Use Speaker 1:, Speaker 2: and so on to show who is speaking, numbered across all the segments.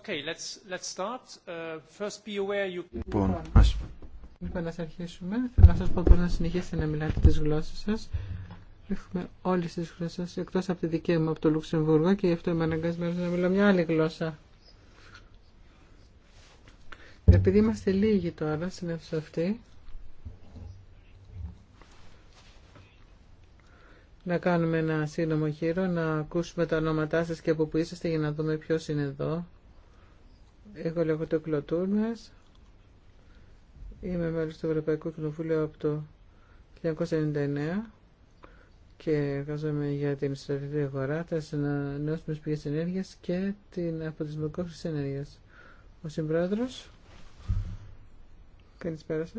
Speaker 1: Okay, let's, let's start. Uh,
Speaker 2: λοιπόν,
Speaker 3: λοιπόν, ας... αρχίσουμε. Θέλω να σας πω πως να συνεχίσετε να μιλάτε τις γλώσσες σας. Έχουμε όλες τις γλώσσες, εκτός από τη δική μου, από το Λουξεμβούργο και γι' αυτό είμαι αναγκασμένος να μιλώ μια άλλη γλώσσα. Επειδή είμαστε λίγοι τώρα στην αίθουσα αυτή, να κάνουμε ένα σύνομο γύρο, να ακούσουμε τα ονόματά σας και από που είσαστε για να δούμε ποιος είναι εδώ. Εγώ λέγομαι το Κλωτούρμες. Είμαι μέλος του Ευρωπαϊκού Κοινοβουλίου από το 1999 και εργάζομαι για την ιστορική αγορά, τα ανανεώσιμε πηγέ ενέργεια και την αποτελεσματικότητα ενέργεια. Ο συμπρόεδρο. Καλησπέρα σα.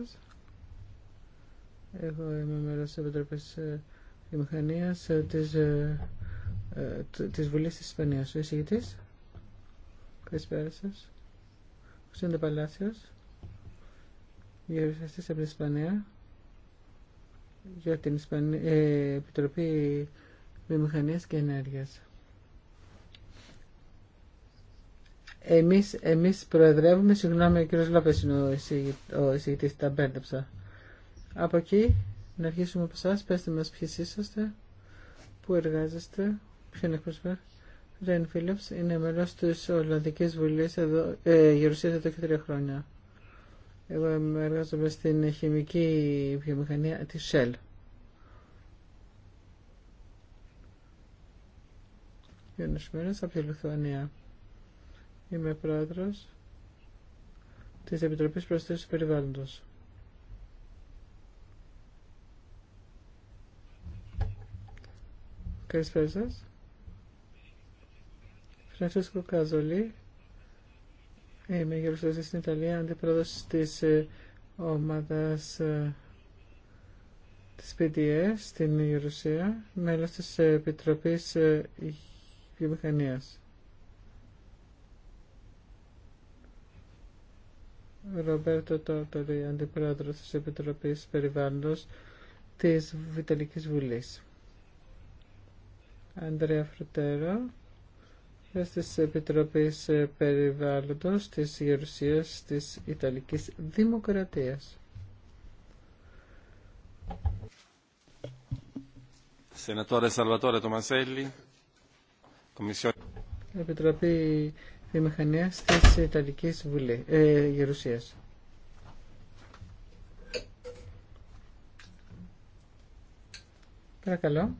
Speaker 3: Εγώ είμαι μέλο τη Επιτροπή ε, Βιομηχανία ε, τη ε, Βουλή της Ισπανίας. Ο εισηγητής, Καλησπέρα σας είναι το παλάσιο. Γεωργιαστή από την Ισπανία, για την Ισπανία, ε, Επιτροπή Βιομηχανίας και Ενέργειας. Εμείς, εμείς προεδρεύουμε, συγγνώμη, ο κύριος Λόπες είναι ο, εισηγητής, τα μπέρδεψα. Από εκεί, να αρχίσουμε από εσάς, πέστε μας ποιες είσαστε, πού εργάζεστε, είναι εκπροσωπεύετε. Ρεν Φίλιπς είναι μέλος της Ολλανδικής Βουλής εδώ, ε, Γερουσίας εδώ και τρία χρόνια. Εγώ εργάζομαι στην χημική βιομηχανία της Shell. Γιώνος Μέρας από τη Λιθουανία. Είμαι πρόεδρος της Επιτροπής Προστασίας του Περιβάλλοντος. Καλησπέρα σας. Francesco Καζολή, είμαι γερουσιαστής στην Ιταλία, αντιπρόεδρος της ε, ομάδας ε, της PDS στην Ιερουσία, μέλος της Επιτροπής ε, Βιομηχανίας. Ρομπέρτο Τόρτορη, αντιπρόεδρος της Επιτροπής Περιβάλλοντος της Βιταλικής Βουλής. Ανδρέα Φρουτέρο, της Επιτροπής ε, Περιβάλλοντος της Γερουσίας της Ιταλικής Δημοκρατίας.
Speaker 4: Σενατόρε Σαλβατόρε Τομασέλη, Κομισιόν.
Speaker 3: Επιτροπή Βιομηχανίας της Ιταλικής Βουλή, ε, Γερουσίας. Παρακαλώ.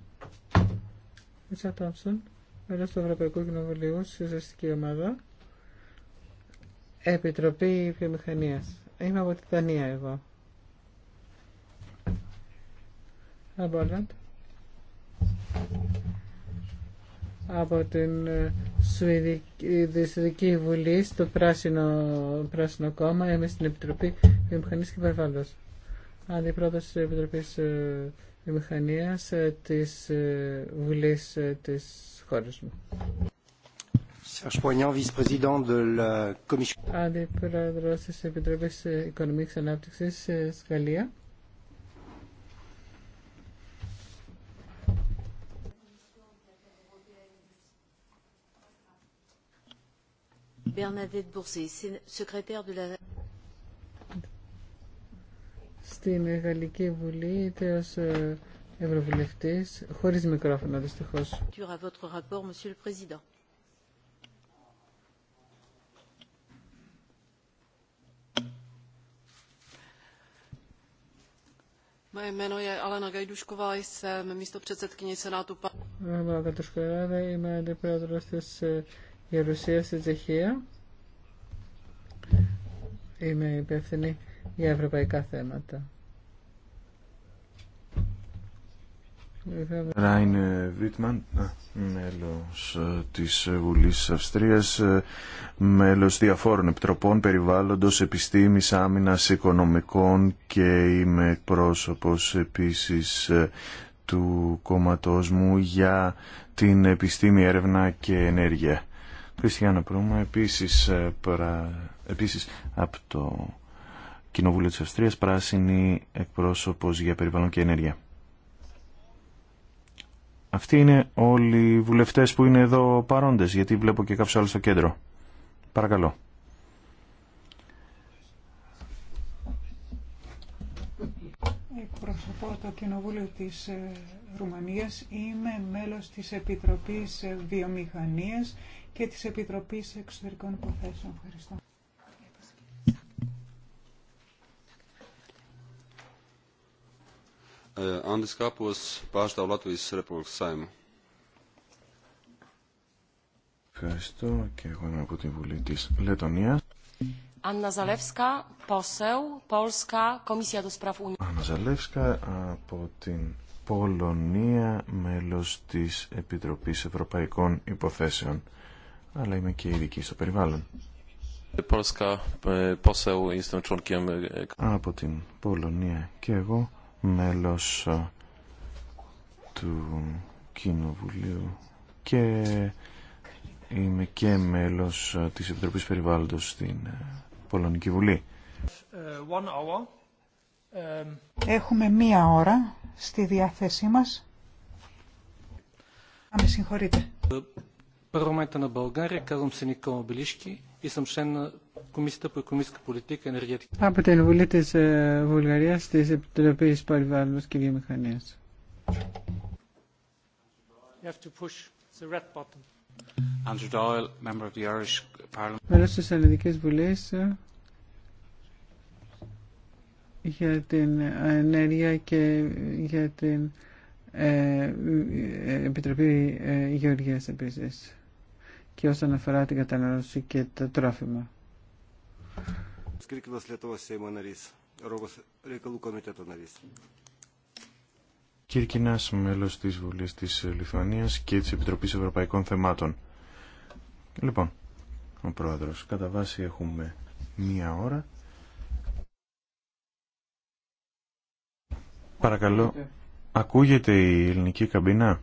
Speaker 3: Μισά Τόμσον μέλο του Ευρωπαϊκού Κοινοβουλίου, Συζητική Ομάδα, Επιτροπή Βιομηχανία. Είμαι από τη Δανία εγώ. Από από την ε, Σουηδική Βουλή στο Πράσινο, Πράσινο Κόμμα. Είμαι στην Επιτροπή Βιομηχανής και Περιβάλλοντος. Αντιπρόεδρος της Επιτροπής ε, βιομηχανίας της ε, Βουλής ε, της χώρας μου. Αντιπρόεδρος της Επιτροπής Οικονομικής Ανάπτυξης στη Γαλλία.
Speaker 5: Bernadette Bourset, secrétaire de la
Speaker 3: στην Γαλλική Βουλή είτε ω ε, Ευρωβουλευτή, χωρίς μικρόφωνο δυστυχώ.
Speaker 6: jméno je Alena jsem místo předsedkyně
Speaker 3: Είμαι Γαλατοσκοράδα, είμαι της στη Τσεχία. Είμαι υπεύθυνη για ευρωπαϊκά θέματα.
Speaker 2: Ράιν Βίτμαν, μέλος ε, της Βουλής Αυστρίας, ε, μέλος διαφόρων επιτροπών περιβάλλοντος, επιστήμης, άμυνας, οικονομικών και είμαι πρόσωπος επίσης ε, του κόμματός μου για την επιστήμη, έρευνα και ενέργεια. Χριστιανό Προύμα, επίσης, επίσης από το Κοινοβούλιο της Αυστρίας, πράσινη εκπρόσωπος για περιβάλλον και ενέργεια. Αυτοί είναι όλοι οι βουλευτές που είναι εδώ παρόντες, γιατί βλέπω και κάποιους άλλους στο κέντρο. Παρακαλώ.
Speaker 7: Εκπροσωπώ
Speaker 3: το Κοινοβούλιο της ε, Ρουμανίας. Είμαι μέλος της Επιτροπής ε, Βιομηχανίας και της Επιτροπής Εξωτερικών Υποθέσεων. Ευχαριστώ.
Speaker 8: Andis Kāpos pārstāv Latvijas Republikas Saimu.
Speaker 2: Ευχαριστώ και εγώ είμαι από τη Βουλή της Λετωνίας.
Speaker 7: Άννα Ζαλεύσκα, Πόσεου, Πόλσκα, Κομισία των Σπραφ Άννα
Speaker 2: Ζαλεύσκα από την Πολωνία, μέλος της Επιτροπής Ευρωπαϊκών Υποθέσεων, αλλά είμαι και ειδική στο περιβάλλον.
Speaker 9: Πόλσκα, ε, Πόσεου, ε, ε,
Speaker 2: Από την Πολωνία και εγώ μέλος ε, του Κοινοβουλίου και είμαι και μέλος ε, της Επιτροπής Περιβάλλοντος στην ε, Πολωνική Βουλή. Έχουμε μία ώρα
Speaker 3: στη διάθεσή μας. Να με συγχωρείτε.
Speaker 1: Парламента на България. Казвам се Никола Белишки σε ένα
Speaker 3: από την Βουλή τη Βουλγαρία τη Επιτροπή Περιβάλλοντο και Βιομηχανία. Μέλο τη Ελληνική Βουλή για την ενέργεια και για την Επιτροπή ε, Γεωργίας επίσης και όσον αφορά την κατανάλωση και το τρόφιμα.
Speaker 2: Κυρκινάς, μέλος της Βουλής της ε, Λιθουανίας και της Επιτροπής Ευρωπαϊκών Θεμάτων. Λοιπόν, ο Πρόεδρος, κατά βάση έχουμε μία ώρα. Παρακαλώ, ακούγεται η ελληνική καμπίνα.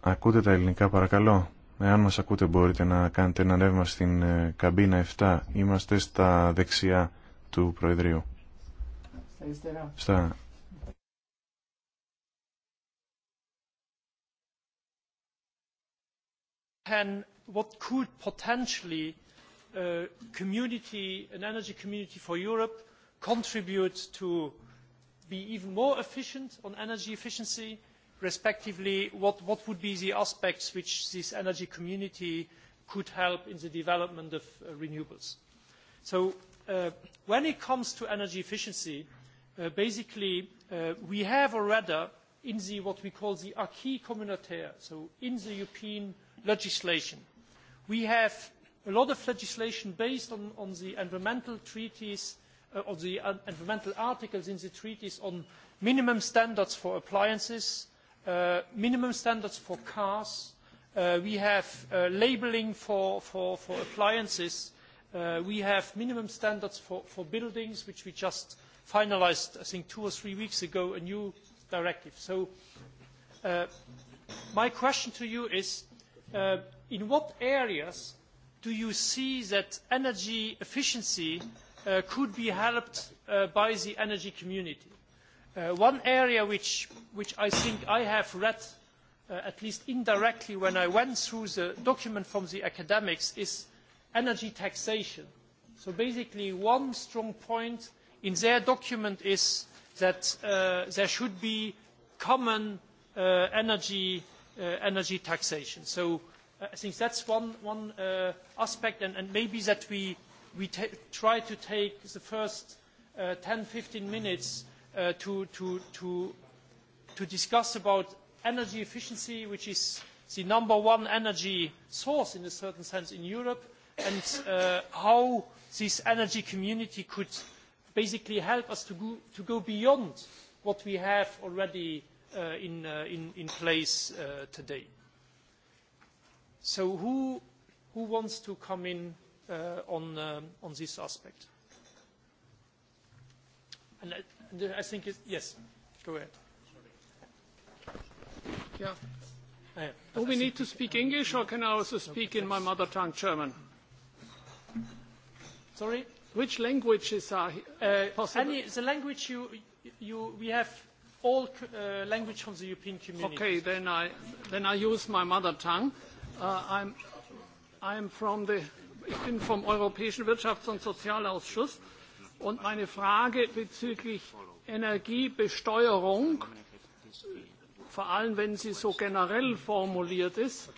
Speaker 2: Ακούτε τα ελληνικά παρακαλώ. Εάν μας ακούτε μπορείτε να κάνετε ένα ρεύμα στην καμπίνα 7. Είμαστε στα δεξιά του Προεδρείου.
Speaker 3: Στα αριστερά.
Speaker 2: Στα...
Speaker 1: And what could potentially a community, an energy community for Europe contribute to be even more efficient on energy efficiency respectively what would be the aspects which this energy community could help in the development of renewables. So when it comes to energy efficiency, basically we have already in the what we call the acquis communautaire, so in the European legislation, we have a lot of legislation based on the environmental treaties or the environmental articles in the treaties on minimum standards for appliances minimum standards for cars. We have labelling for appliances. We have minimum standards for buildings, which we just finalised, I think, two or three weeks ago, a new directive. So my question to you is, in what areas do you see that energy efficiency could be helped by the energy community? One area which I think I have read, at least indirectly when I went through the document from the academics, is energy taxation. So basically one strong point in their document is that there should be common energy taxation. So I think that's one aspect and maybe that we try to take the first 10-15 minutes to discuss about energy efficiency, which is the number one energy source in a certain sense in Europe, and how this energy community could basically help us to go beyond what we have already in place today. So who wants to come in on this aspect? I think yes. Go ahead. Yeah. Do we need to speak
Speaker 10: English or can I also speak in my mother tongue, German?
Speaker 1: Sorry? Which
Speaker 10: languages are possible? Any, the language
Speaker 1: you, you, we have
Speaker 10: all language from the European Community. Okay, then I, then I use my mother tongue. I'm, I'm from the, ich bin vom Europäischen Wirtschafts- und Sozialausschuss Und meine Frage bezüglich Energiebesteuerung, vor allem wenn sie so generell formuliert ist,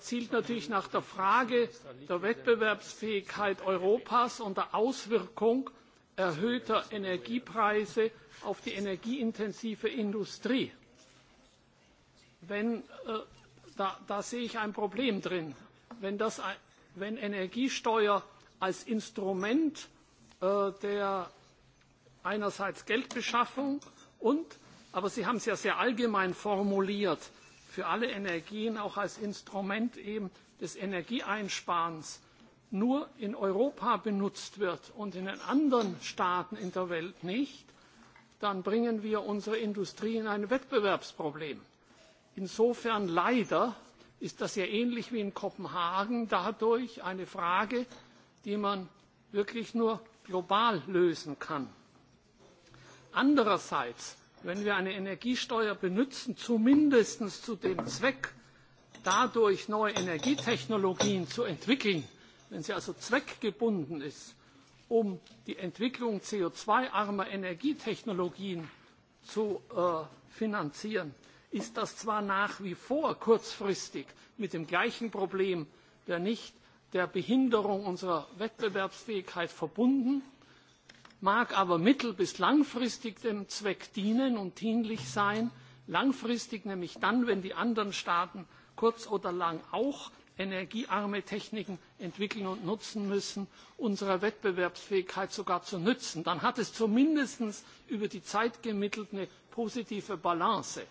Speaker 10: zielt natürlich nach der Frage der Wettbewerbsfähigkeit Europas und der Auswirkung erhöhter Energiepreise auf die energieintensive Industrie. Da sehe ich ein Problem drin. Wenn Energiesteuer als Instrument der einerseits Geldbeschaffung und, aber Sie haben es ja sehr allgemein formuliert, für alle Energien auch als Instrument eben des Energieeinsparens nur in Europa benutzt wird und in den anderen Staaten in der Welt nicht, dann bringen wir unsere Industrie in ein Wettbewerbsproblem. Insofern leider ist das ja ähnlich wie in Kopenhagen dadurch eine Frage, die man wirklich nur global lösen kann. Andererseits, wenn wir eine Energiesteuer benutzen, zumindest zu dem Zweck, dadurch neue Energietechnologien zu entwickeln, wenn sie also zweckgebunden ist, um die Entwicklung CO2-armer Energietechnologien zu finanzieren, ist das zwar nach wie vor kurzfristig mit dem gleichen Problem der nicht der Behinderung unserer Wettbewerbsfähigkeit verbunden, mag aber mittel- bis langfristig dem Zweck dienen und dienlich sein, langfristig nämlich dann, wenn die anderen Staaten kurz oder lang auch energiearme Techniken entwickeln und nutzen müssen, unserer Wettbewerbsfähigkeit sogar zu nützen. Dann hat es zumindest über die Zeit gemittelt eine positive Balance.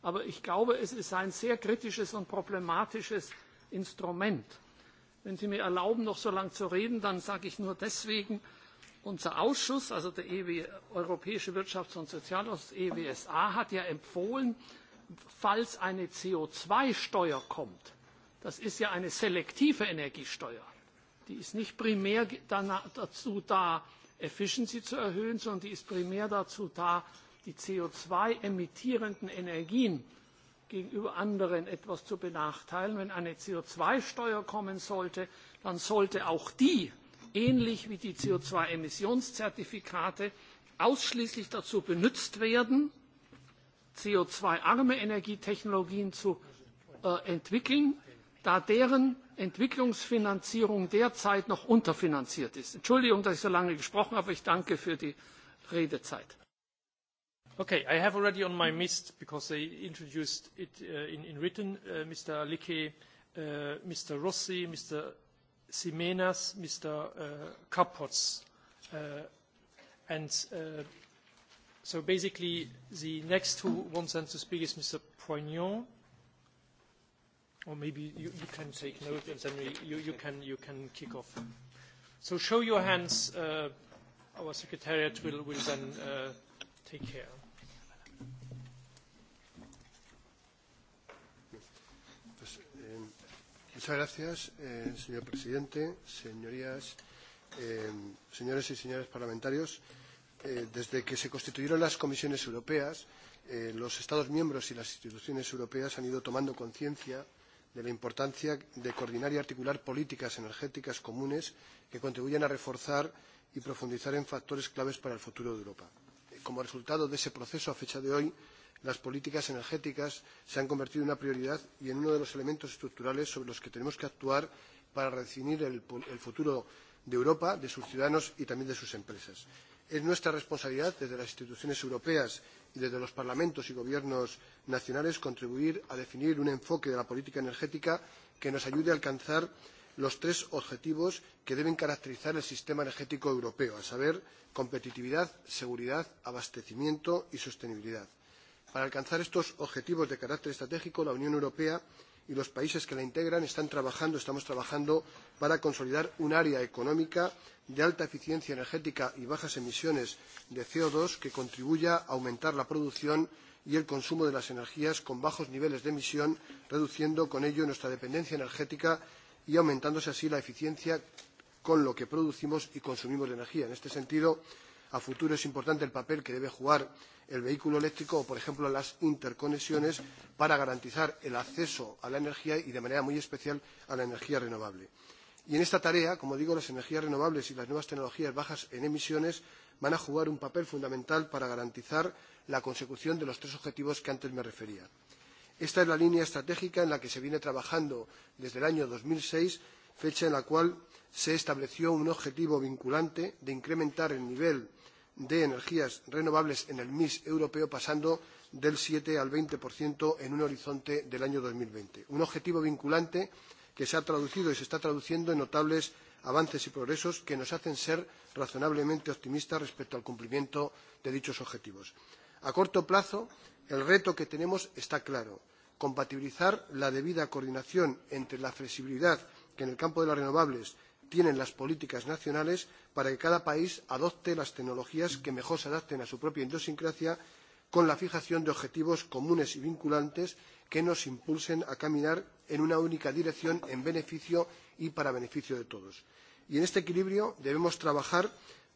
Speaker 10: Aber ich glaube, es ist ein sehr kritisches und problematisches Instrument. Wenn Sie mir erlauben, noch so lange zu reden, dann sage ich nur deswegen, unser Ausschuss, also der Europäische Wirtschafts- und Sozialausschuss, EWSA, hat ja empfohlen, falls eine CO2-Steuer kommt, das ist ja eine selektive Energiesteuer, die ist nicht primär dazu da, Efficiency zu erhöhen, sondern die ist primär dazu da, die CO2-emittierenden Energien gegenüber anderen etwas zu benachteilen. Wenn eine CO2-Steuer kommen sollte, dann sollte auch die, ähnlich wie die CO2-Emissionszertifikate, ausschließlich dazu benutzt werden, CO2-arme Energietechnologien zu entwickeln, da deren Entwicklungsfinanzierung derzeit noch unterfinanziert ist. Entschuldigung,
Speaker 1: dass ich so lange gesprochen habe. Ich danke für die Redezeit. Okay, I have already on my list, because they introduced it in written, Mr. uh Mr. Rossi, Mr. Simenas, Mr. Kapots. And so basically the next who wants to speak is Mr. Poignon. Or maybe you can take note and then you can kick off. So show your hands. Our secretariat will then take care.
Speaker 11: Muchas gracias, señor presidente, señorías, señores y señoras parlamentarios. Desde que se constituyeron las comisiones europeas, los Estados miembros y las instituciones europeas han ido tomando conciencia de la importancia de coordinar y articular políticas energéticas comunes que contribuyan a reforzar y profundizar en factores claves para el futuro de Europa. Como resultado de ese proceso, a fecha de hoy, las políticas energéticas se han convertido en una prioridad y en uno de los elementos estructurales sobre los que tenemos que actuar para redefinir el futuro de Europa, de sus ciudadanos y también de sus empresas. Es nuestra responsabilidad, desde las instituciones europeas y desde los parlamentos y gobiernos nacionales, contribuir a definir un enfoque de la política energética que nos ayude a alcanzar los tres objetivos que deben caracterizar el sistema energético europeo, a saber, competitividad, seguridad, abastecimiento y sostenibilidad. Para alcanzar estos objetivos de carácter estratégico, la Unión Europea y los países que la integran están trabajando, estamos trabajando para consolidar un área económica de alta eficiencia energética y bajas emisiones de CO2 que contribuya a aumentar la producción y el consumo de las energías con bajos niveles de emisión, reduciendo con ello nuestra dependencia energética y aumentándose así la eficiencia con lo que producimos y consumimos de energía. En este sentido, a futuro es importante el papel que debe jugar el vehículo eléctrico, o, por ejemplo, las interconexiones para garantizar el acceso a la energía y, de manera muy especial, a la energía renovable. Y en esta tarea, como digo, las energías renovables y las nuevas tecnologías bajas en emisiones van a jugar un papel fundamental para garantizar la consecución de los tres objetivos que antes me refería. Esta es la línea estratégica en la que se viene trabajando desde el año 2006, fecha en la cual se estableció un objetivo vinculante de incrementar el nivel de energías renovables en el mix europeo pasando del 7 al 20% en un horizonte del año 2020. Un objetivo vinculante que se ha traducido y se está traduciendo en notables avances y progresos que nos hacen ser razonablemente optimistas respecto al cumplimiento de dichos objetivos. A corto plazo, el reto que tenemos está claro compatibilizar la debida coordinación entre la flexibilidad que en el campo de las renovables tienen las políticas nacionales para que cada país adopte las tecnologías que mejor se adapten a su propia idiosincrasia con la fijación de objetivos comunes y vinculantes que nos impulsen a caminar en una única dirección en beneficio y para beneficio de todos. Y en este equilibrio debemos trabajar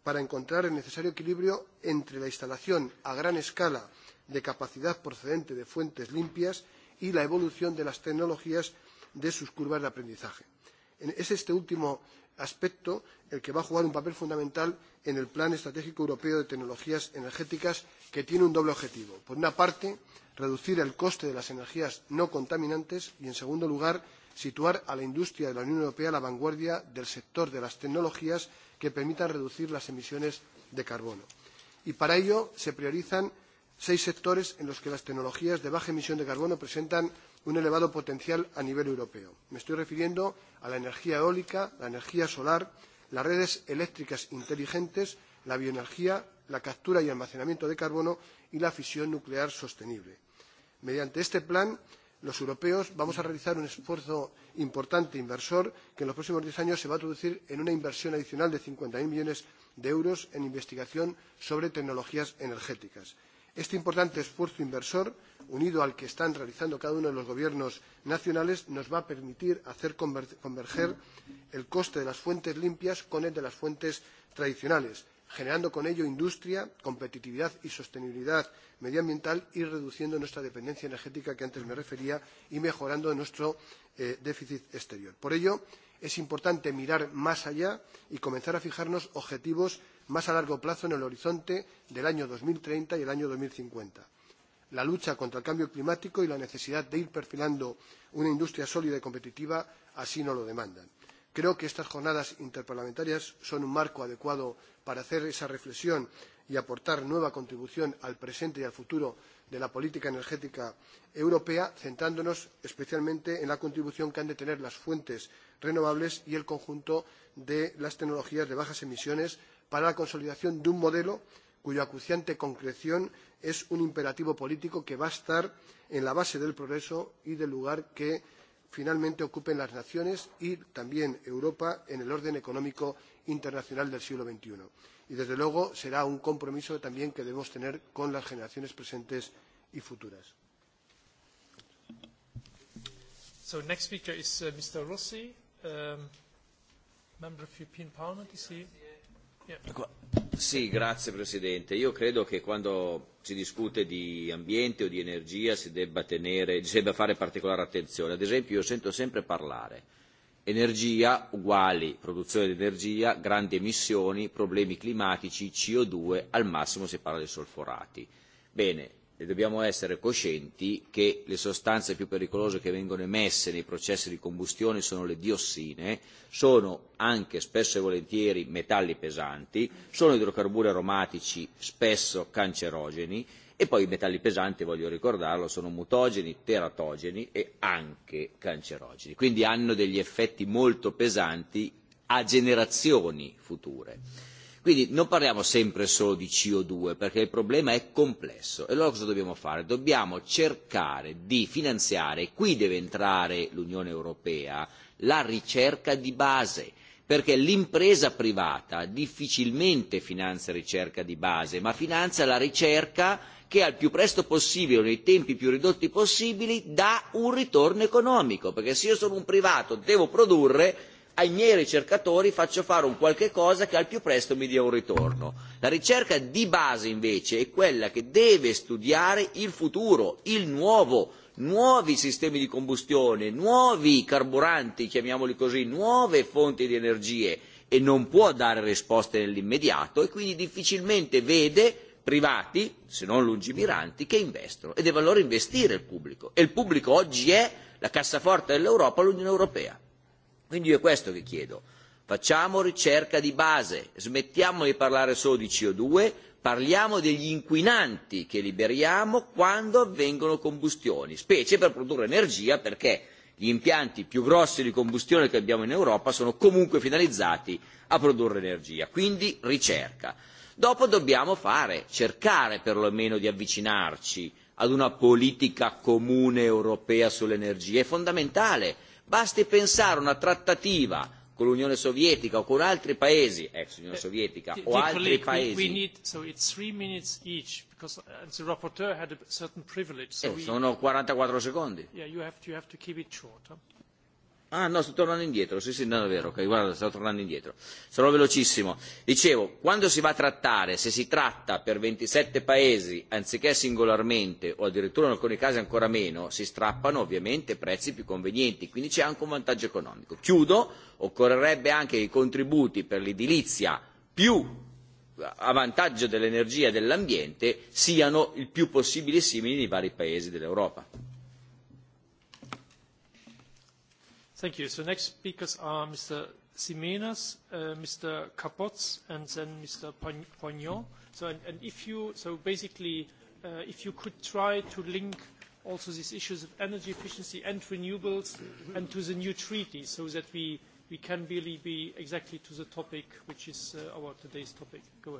Speaker 11: para encontrar el necesario equilibrio entre la instalación a gran escala de capacidad procedente de fuentes limpias y la evolución de las tecnologías de sus curvas de aprendizaje. Es este último aspecto el que va a jugar un papel fundamental en el Plan Estratégico Europeo de Tecnologías Energéticas, que tiene un doble objetivo. Por una parte, reducir el coste de las energías no contaminantes y, en segundo lugar, situar a la industria de la Unión Europea a la vanguardia del sector de las tecnologías que permitan reducir las emisiones de carbono. Y para ello se priorizan seis sectores en los que las tecnologías de baja emisión de carbono presentan un elevado potencial a nivel europeo. Me estoy refiriendo a la energía eólica, la energía solar, las redes eléctricas inteligentes, la bioenergía, la captura y almacenamiento de carbono y la fisión nuclear sostenible. Mediante este plan, los europeos vamos a realizar un esfuerzo importante inversor que en los próximos diez años se va a traducir en una inversión adicional de cincuenta millones de euros en investigación sobre tecnologías energéticas. Este importante esfuerzo inversor, unido al que están realizando cada uno de los gobiernos nacionales, nos va a permitir hacer converger el coste de las fuentes limpias con el de las fuentes tradicionales, generando con ello industria, competitividad y sostenibilidad medioambiental y reduciendo nuestra dependencia energética, que antes me refería, y mejorando nuestro déficit exterior. Por ello, es importante mirar más allá y comenzar a fijarnos objetivos más a largo plazo en el horizonte del año 2030 y el año 2050. La lucha contra el cambio climático y la necesidad de ir perfilando una industria sólida y competitiva así no lo demandan. Creo que estas jornadas interparlamentarias son un marco adecuado para hacer esa reflexión y aportar nueva contribución al presente y al futuro de la política energética europea, centrándonos especialmente en la contribución que han de tener las fuentes renovables y el conjunto de las tecnologías de bajas emisiones para la consolidación de un modelo cuya acuciante concreción es un imperativo político que va a estar en la base del progreso y del lugar que finalmente ocupen las naciones y también Europa en el orden económico internacional del siglo XXI. Y, desde luego, será un compromiso también que debemos tener con las generaciones presentes y futuras.
Speaker 1: So
Speaker 12: Sì, grazie Presidente. Io credo che quando si discute di ambiente o di energia si debba, tenere, si debba fare particolare attenzione. Ad esempio io sento sempre parlare energia uguali produzione di energia, grandi emissioni, problemi climatici, CO2, al massimo si parla di solforati. Bene, dobbiamo essere coscienti che le sostanze più pericolose che vengono emesse nei processi di combustione sono le diossine, sono anche spesso e volentieri metalli pesanti, sono idrocarburi aromatici spesso cancerogeni e poi i metalli pesanti, voglio ricordarlo, sono mutogeni, teratogeni e anche cancerogeni, quindi hanno degli effetti molto pesanti a generazioni future Quindi non parliamo sempre solo di CO2 perché il problema è complesso e allora cosa dobbiamo fare? Dobbiamo cercare di finanziare, qui deve entrare l'Unione Europea, la ricerca di base perché l'impresa privata difficilmente finanzia ricerca di base ma finanzia la ricerca che al più presto possibile nei tempi più ridotti possibili dà un ritorno economico perché se io sono un privato devo produrre ai miei ricercatori faccio fare un qualche cosa che al più presto mi dia un ritorno. La ricerca di base invece è quella che deve studiare il futuro, il nuovo, nuovi sistemi di combustione, nuovi carburanti, chiamiamoli così, nuove fonti di energie e non può dare risposte nell'immediato e quindi difficilmente vede privati, se non lungimiranti, che investono e deve allora investire il pubblico e il pubblico oggi è la cassaforte dell'Europa, l'Unione Europea Quindi io è questo che chiedo. Facciamo ricerca di base, smettiamo di parlare solo di CO2, parliamo degli inquinanti che liberiamo quando avvengono combustioni, specie per produrre energia perché gli impianti più grossi di combustione che abbiamo in Europa sono comunque finalizzati a produrre energia. Quindi ricerca. Dopo dobbiamo fare, cercare perlomeno di avvicinarci ad una politica comune europea sull'energia. È fondamentale Basti pensare a una trattativa con l'Unione Sovietica o con altri paesi, ex Unione Sovietica o altri paesi. Sono 44 secondi. Ah no, sto tornando indietro, sì sì, no è vero, guarda, sto tornando indietro. Sarò velocissimo. Dicevo, quando si va a trattare, se si tratta per 27 paesi anziché singolarmente o addirittura in alcuni casi ancora meno, si strappano ovviamente prezzi più convenienti, quindi c'è anche un vantaggio economico. Chiudo, occorrerebbe anche che i contributi per l'edilizia più a vantaggio dell'energia e dell'ambiente siano il più possibile simili nei vari paesi dell'Europa.
Speaker 1: Thank you. So next speakers are Mr. Simenas, Mr. Kapots, and then Mr. Pognon. So and if you so basically if you could try to link also these issues of energy efficiency and renewables and to the new treaty so that we we can really be exactly to the topic which is our today's topic. Go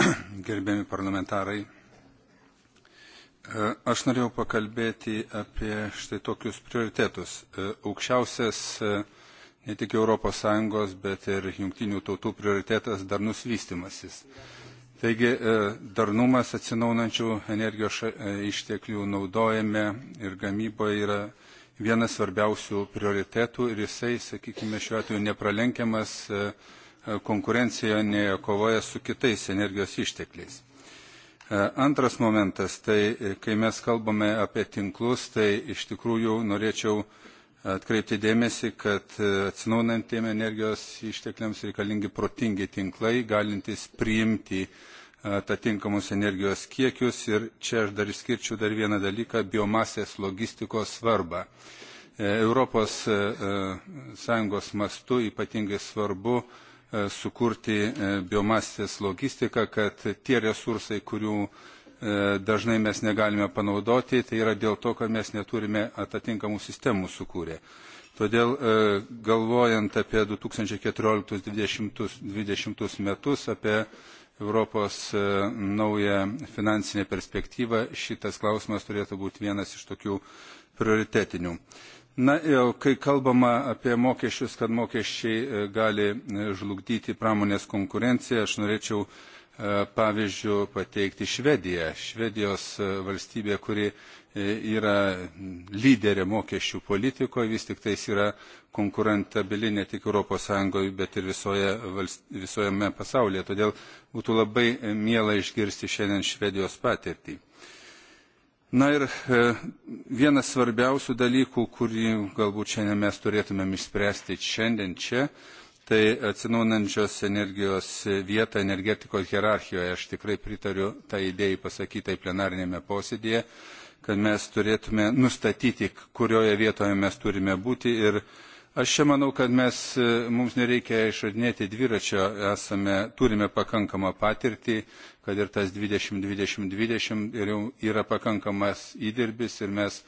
Speaker 13: ahead. parlamentarai, Aš norėjau pakalbėti apie štai tokius prioritetus. Aukščiausias ne tik Europos Sąjungos, bet ir jungtinių tautų prioritetas darnus vystimasis. Taigi darnumas atsinaunančių energijos išteklių naudojame ir gamyboje yra vienas svarbiausių prioritetų ir jisai, sakykime, šiuo atveju nepralenkiamas konkurencijoje kovoje su kitais energijos ištekliais. Antras momentas, tai kai mes kalbame apie tinklus, tai iš tikrųjų norėčiau atkreipti dėmesį, kad atsinaujinantiem energijos ištekliams reikalingi protingi tinklai, galintys priimti atitinkamus energijos kiekius ir čia aš dar išskirčiau dar vieną dalyką biomasės logistikos svarbą. Europos Sąjungos mastu ypatingai svarbu sukurti biomasės logistiką, kad tie resursai, kurių dažnai mes negalime panaudoti, tai yra dėl to, kad mes neturime atatinkamų sistemų sukūrę. Todėl galvojant apie 2014-2020 metus, apie Europos naują finansinę perspektyvą, šitas klausimas turėtų būti vienas iš tokių prioritetinių. Na, kai kalbama apie mokesčius, kad mokesčiai gali žlugdyti pramonės konkurenciją, aš norėčiau pavyzdžių pateikti Švediją. Švedijos valstybė, kuri yra lyderė mokesčių politikoje, vis tik tais yra konkurentabili ne tik Europos Sąjungoje, bet ir visoje, visoje pasaulyje. Todėl būtų labai miela išgirsti šiandien Švedijos patirtį. Na ir vienas svarbiausių dalykų, kurį galbūt šiandien mes turėtumėm išspręsti šiandien čia, tai atsinaunančios energijos vietą energetikos hierarchijoje. Aš tikrai pritariu tą idėją į plenarinėme posėdėje, kad mes turėtume nustatyti, kurioje vietoje mes turime būti. Ir aš čia manau, kad mes, mums nereikia išradinėti dviračio, esame, turime pakankamą patirtį kad ir tas 20-20-20 jau yra pakankamas įdirbis ir mes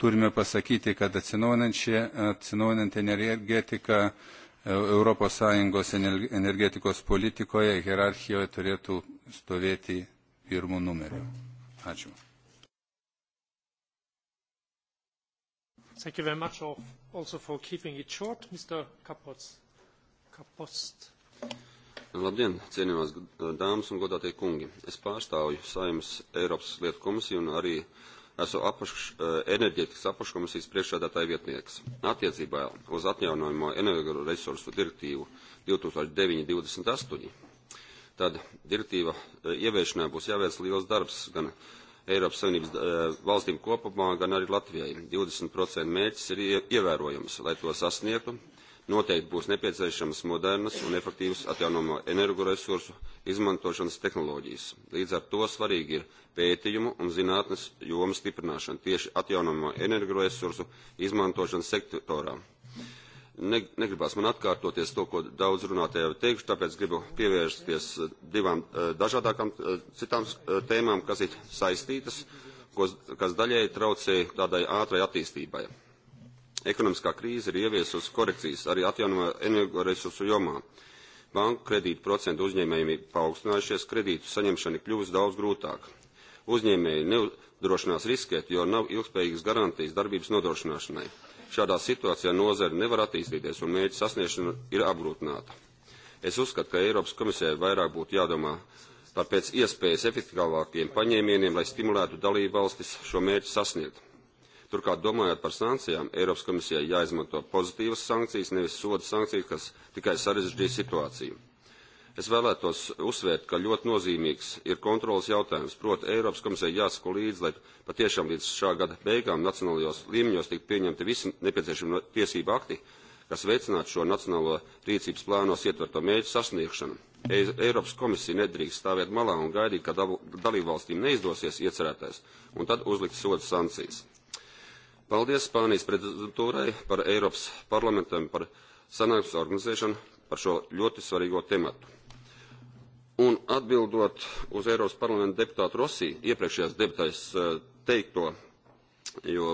Speaker 13: turime pasakyti, kad atsinaujinanti energetika Europos Sąjungos energetikos politikoje hierarchijoje turėtų stovėti pirmų numerių. Ačiū.
Speaker 1: Thank you very much also for keeping it short. Mr. Kapost.
Speaker 8: Labdien, cienījumās dāmas un godātie kungi! Es pārstāvu Saimas Eiropas lietu komisiju un arī esmu apaš, enerģētikas apakškomisijas priekšsēdētāja vietnieks. Attiecībā uz atjaunojamo energoresursu direktīvu 2009-28, tad direktīva ieviešanā būs jāveic liels darbs gan Eiropas Savienības valstīm kopumā, gan arī Latvijai. 20% mērķis ir ievērojams, lai to sasniegtu noteikti būs nepieciešamas modernas un efektīvas atjaunojamo energoresursu izmantošanas tehnoloģijas. Līdz ar to svarīgi ir pētījumu un zinātnes jomas stiprināšana tieši atjaunojamo energoresursu izmantošanas sektorā. Negribas man atkārtoties to, ko daudz runātāji jau teikuši, tāpēc gribu pievērsties divām dažādākām citām tēmām, kas ir saistītas, kas daļēji traucē tādai ātrai attīstībai. Ekonomiskā krīze ir ieviesusi korekcijas arī atjaunojamo energoresursu jomā. Banku kredītu procentu uzņēmējumi paaugstinājušies, kredītu saņemšana ir kļuvusi daudz grūtāk. Uzņēmēji neuzdrošinās riskēt, jo nav ilgspējīgas garantijas darbības nodrošināšanai. Šādā situācijā nozare nevar attīstīties un mērķa sasniegšana ir apgrūtināta. Es uzskatu, ka Eiropas komisijai vairāk būtu jādomā par pēc iespējas efektīvākiem paņēmieniem, lai stimulētu dalību valstis šo mērķu sasniegt. Turklāt, domājot par sankcijām, Eiropas komisijai jāizmanto pozitīvas sankcijas, nevis sodu sankcijas, kas tikai sarežģīja situāciju. Es vēlētos uzsvērt, ka ļoti nozīmīgs ir kontrolas jautājums, proti Eiropas komisija jāsako līdzi, lai patiešām līdz šā gada beigām nacionālajos līmeņos tiktu pieņemti visi nepieciešami tiesību akti, kas veicinātu šo nacionālo rīcības plānos ietverto mērķu sasniegšanu. Eiropas komisija nedrīkst stāvēt malā un gaidīt, ka dalībvalstīm neizdosies iecerētais, un tad uzlikt sodu sankcijas. Paldies Spānijas prezidentūrai par Eiropas parlamentam par sanāksmes organizēšanu par šo ļoti svarīgo tematu. Un atbildot uz Eiropas parlamenta deputātu Rosī, iepriekšējās debatēs teikto, jo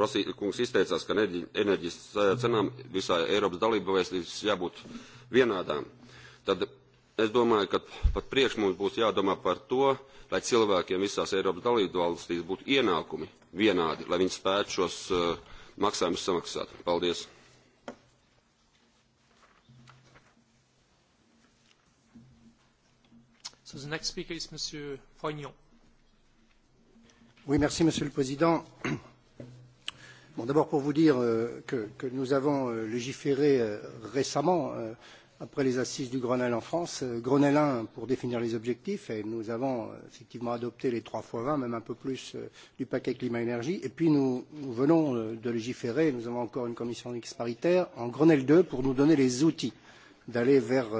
Speaker 8: Rosī kungs izteicās, ka enerģijas cenām visā Eiropas dalība jābūt vienādām, tad es domāju, ka pat priekš mums būs jādomā par to, lai cilvēkiem visās Eiropas dalībvalstīs būtu ienākumi vienādi, lai viņi spētu šos maksājumus samaksāt. Paldies!
Speaker 1: So the next speaker is Monsieur Poignon.
Speaker 14: Oui, merci Monsieur le Président. Bon, d'abord pour vous dire que, que nous avons légiféré récemment euh, après les assises du Grenelle en France, Grenelle 1 pour définir les objectifs, et nous avons effectivement adopté les 3 x 20, même un peu plus, du paquet climat-énergie. Et puis nous venons de légiférer, nous avons encore une commission mixte paritaire, en Grenelle 2 pour nous donner les outils d'aller vers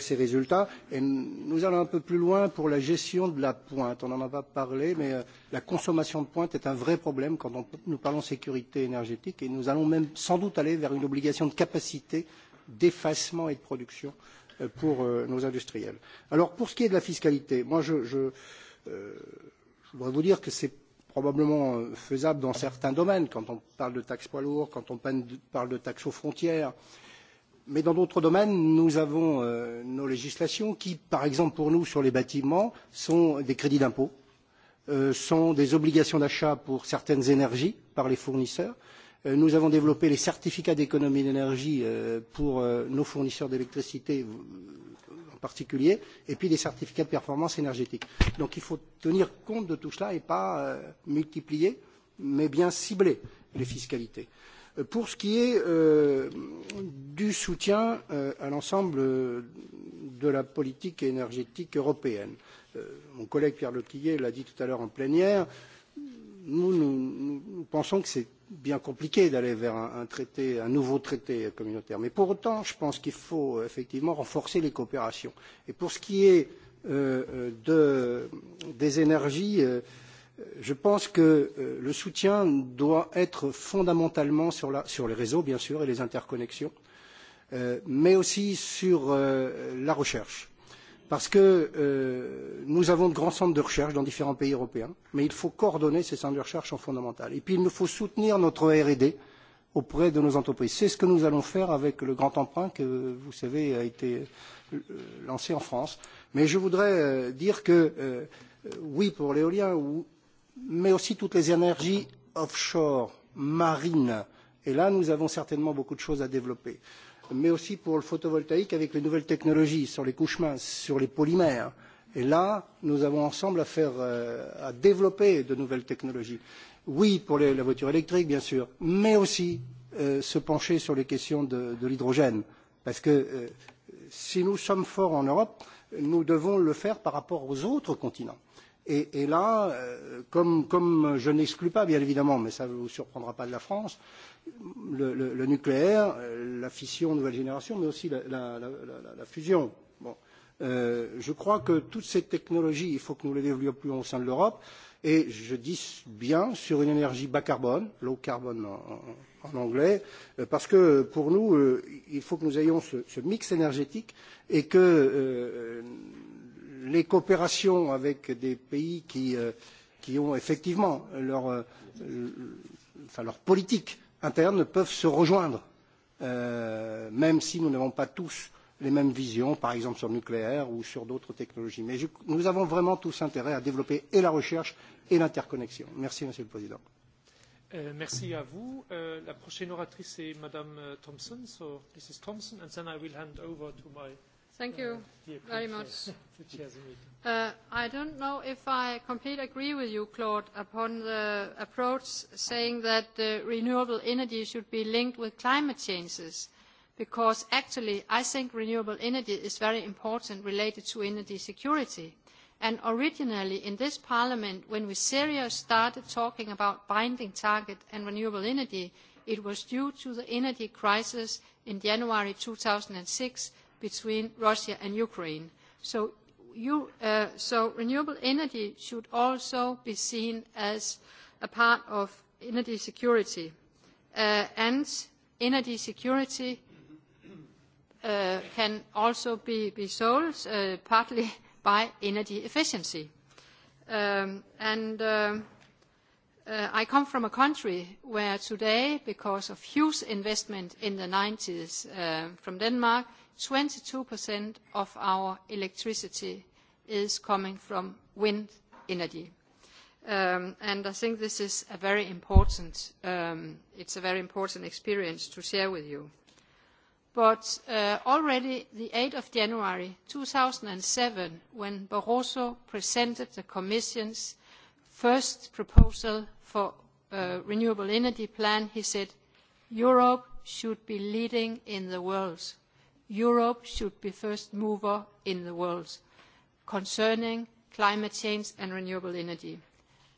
Speaker 14: ces résultats. Et nous allons un peu plus loin pour la gestion de la pointe. On n'en a pas parlé, mais la consommation de pointe est un vrai problème quand nous parlons sécurité énergétique, et nous allons même sans doute aller vers une obligation de capacité d'effacement et de production pour nos industriels. Alors, pour ce qui est de la fiscalité, moi, je voudrais vous dire que c'est probablement faisable dans certains domaines, quand on parle de taxes poids lourds, quand on parle de taxes aux frontières. Mais dans d'autres domaines, nous avons nos législations qui, par exemple pour nous, sur les bâtiments, sont des crédits d'impôt, sont des obligations d'achat pour certaines énergies par les fournisseurs. Nous avons développé les certificats d'économie d'énergie pour nos fournisseurs d'électricité en particulier, et puis des certificats de performance énergétique. Donc il faut tenir compte de tout cela et pas multiplier, mais bien cibler les fiscalités. Pour ce qui est du soutien à l'ensemble de la politique énergétique européenne, mon collègue Pierre Lequillet l'a dit tout à l'heure en plénière, nous, nous pensons que c'est bien compliqué d'aller vers un traité, un nouveau traité communautaire. Mais pour autant, je pense qu'il faut effectivement renforcer les coopérations. Et pour ce qui est des énergies, je pense que le soutien doit être fondamentalement sur les réseaux, bien sûr, et les interconnexions, mais aussi sur la recherche parce que nous avons de grands centres de recherche dans différents pays européens, mais il faut coordonner ces centres de recherche en fondamental. Et puis il nous faut soutenir notre RD auprès de nos entreprises. C'est ce que nous allons faire avec le grand emprunt que, vous savez, a été lancé en France. Mais je voudrais dire que, oui pour l'éolien, mais aussi toutes les énergies offshore, marines. Et là, nous avons certainement beaucoup de choses à développer mais aussi pour le photovoltaïque avec les nouvelles technologies sur les couches minces, sur les polymères. Et là, nous avons ensemble à faire, à développer de nouvelles technologies. Oui, pour la voiture électrique, bien sûr, mais aussi se pencher sur les questions de l'hydrogène. Parce que si nous sommes forts en Europe, nous devons le faire par rapport aux autres continents. Et là, comme je n'exclus pas, bien évidemment, mais ça ne vous surprendra pas de la France, le nucléaire, la fission nouvelle génération, mais aussi la fusion. Je crois que toutes ces technologies, il faut que nous les développions au sein de l'Europe, et je dis bien sur une énergie bas carbone, low carbone en anglais, parce que pour nous, il faut que nous ayons ce mix énergétique et que les coopérations avec des pays qui ont effectivement leur politique internes peuvent se rejoindre, même si nous n'avons pas tous les mêmes visions, par exemple sur le nucléaire ou sur d'autres technologies. Mais nous avons vraiment tous intérêt à développer et la recherche et l'interconnexion. Merci, Monsieur le Président.
Speaker 1: Merci à vous. La prochaine oratrice est Madame Thompson. So, Thompson, and then I will
Speaker 15: Thank you very much. I don't know if I completely agree with you, Claude, upon the approach saying that renewable energy should be linked with climate changes, because actually I think renewable energy is very important related to energy security. And originally in this Parliament, when we seriously started talking about binding target and renewable energy, it was due to the energy crisis in January 2006 between Russia and Ukraine. So renewable energy should also be seen as a part of energy security. And energy security can also be solved partly by energy efficiency. And I come from a country where today, because of huge investment in the 90s from Denmark, 22% of our electricity is coming from wind energy. And I think this is a very important, it's a very important experience to share with you. But already the 8th of January 2007, when Barroso presented the Commission's first proposal for renewable energy plan, he said Europe should be leading in the world Europe should be first mover in the world concerning climate change and renewable energy.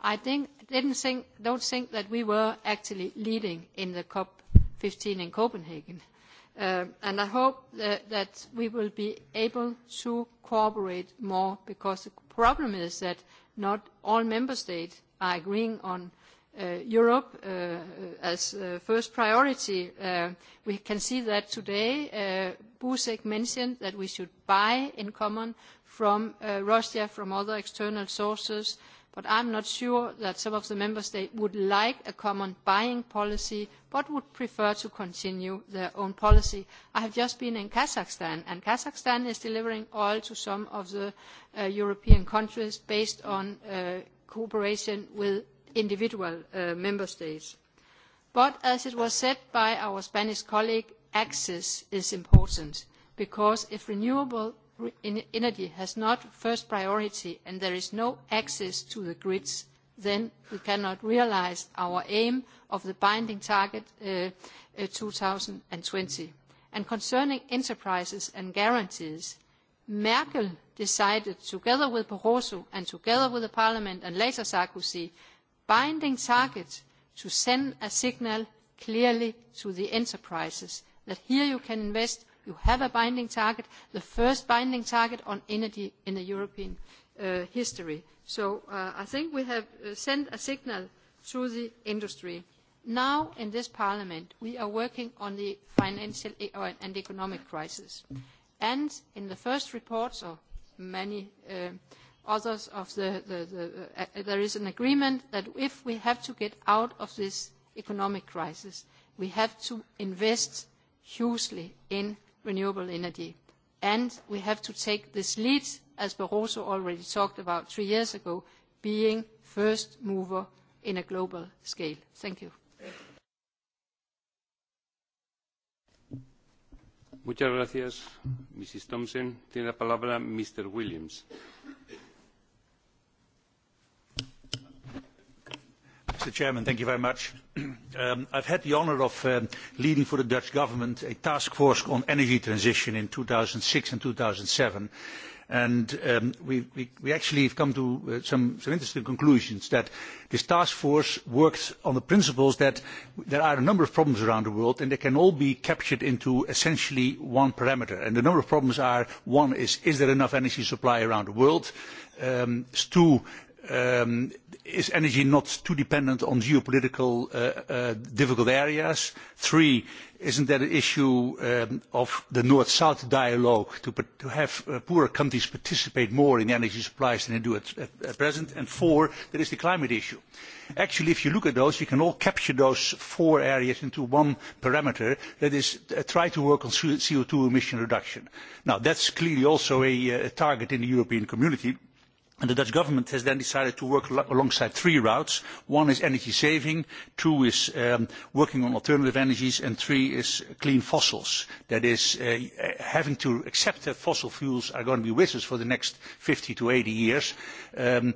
Speaker 15: I don't think that we were actually leading in the COP15 in Copenhagen, and I hope that we will be able to cooperate more, because the problem is that not all member states are agreeing on Europe as first priority. We can see that today. Busek mentioned that we should buy in common from Russia, from other external sources, but I'm not sure that some of the member states would like a common buying policy, but would prefer to continue their own policy. I have just been in Kazakhstan, and Kazakhstan is delivering oil to some of the European countries based on cooperation with individual member states. But as it was said by our Spanish colleague, access is important because if renewable energy has not first priority and there is no access to the grids, then we cannot realise our aim of the binding target 2020. And concerning enterprises and guarantees, Merkel decided, together with Barroso and together with the Parliament and later Sarkozy, binding target to send a signal clearly to the enterprises that here you can invest, you have a binding target, the first binding target on energy in the European history. So I think we have sent a signal to the industry. Now in this Parliament we are working on the financial and economic crisis. And in the first reports, of many others of the there is an agreement that if we have to get out of this economic crisis we have to invest hugely in renewable energy and we have to take this lead as barroso already talked about three years ago being first mover in a global scale. thank you.
Speaker 16: muchas gracias mrs thompson. tiene la palabra mr williams.
Speaker 17: Mr Chairman, thank you very much. I've had the honour of leading for the Dutch government a task force on energy transition in 2006 and 2007, and we actually have come to some some interesting conclusions that this task force works on the principles that there are a number of problems around the world and they can all be captured into essentially one parameter. And the number of problems are: one is, is there enough energy supply around the world? Two Is energy not too dependent on geopolitical difficult areas? Three, isn't that an issue of the North-South dialogue to have poorer countries participate more in energy supplies than they do at present? And four, there is the climate issue. Actually, if you look at those, you can all capture those four areas into one parameter, that is, try to work on CO2 emission reduction. Now, is clearly also a target in the European Community The Dutch government has then decided to work alongside three routes. One is energy saving, two is working on alternative energies, and three is clean fossils. That is, having to accept that fossil fuels are going to be with us for the next 50 to 80 years, and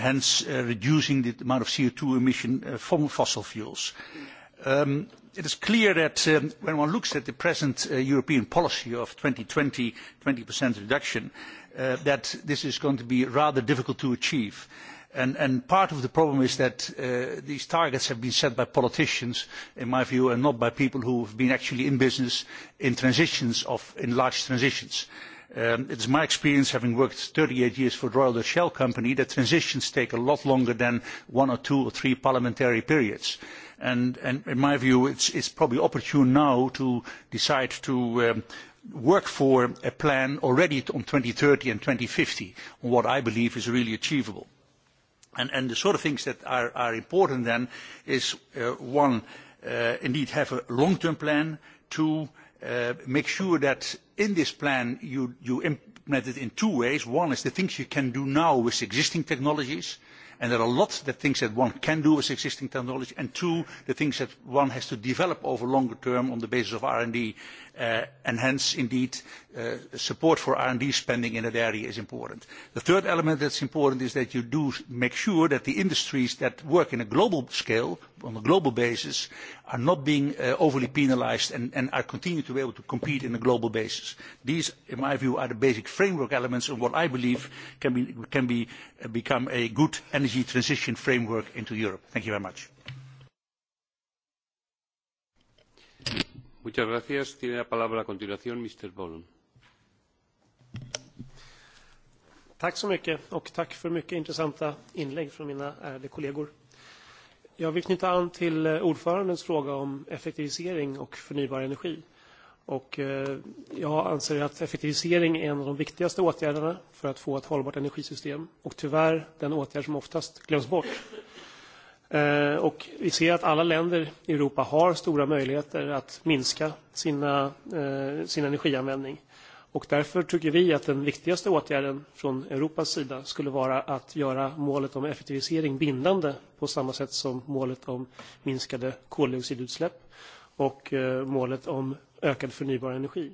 Speaker 17: hence reducing the amount of CO2 emission from fossil fuels. It is clear that when one looks at the present European policy of 2020, 20% reduction, that this is going to be rather difficult to achieve. And part of the problem is that these targets have been set by politicians, in my view, and not by people who have been actually in business in transitions of in large transitions. It is my experience, having worked 38 years for the Royal Dutch Shell Company, that transitions take a lot longer than one or two or three parliamentary periods. And in my view, it's probably opportune now to decide to work for a plan already on 2030 and 2050 on what I believe is really achievable. And the sort of things that are important then is, one, indeed have a long-term plan. Two, make sure that in this plan you implement it in two ways. One is the things you can do now with existing technologies, and there are lots of things that one can do with existing technology. And two, the things that one has to develop over longer term on the basis of R&D and hence indeed support for R&D spending in that area is important. The third element that's important is that you do make sure that the industries that work in a global scale, on a global basis, are not being overly penalized and are continue to be able to compete on a global basis. These, in my view, are the basic framework elements of what I believe can become a good energy transition framework into Europe. Thank you very much.
Speaker 18: Tack så mycket och tack för mycket intressanta inlägg från mina ärade kollegor. Jag vill knyta an till ordförandens fråga om effektivisering och förnybar energi. Och jag anser att effektivisering är en av de viktigaste åtgärderna för att få ett hållbart energisystem och tyvärr den åtgärd som oftast glöms bort. Och vi ser att alla länder i Europa har stora möjligheter att minska sin energianvändning. Och därför tycker vi att den viktigaste åtgärden från Europas sida skulle vara att göra målet om effektivisering bindande på samma sätt som målet om minskade koldioxidutsläpp och målet om ökad förnybar energi.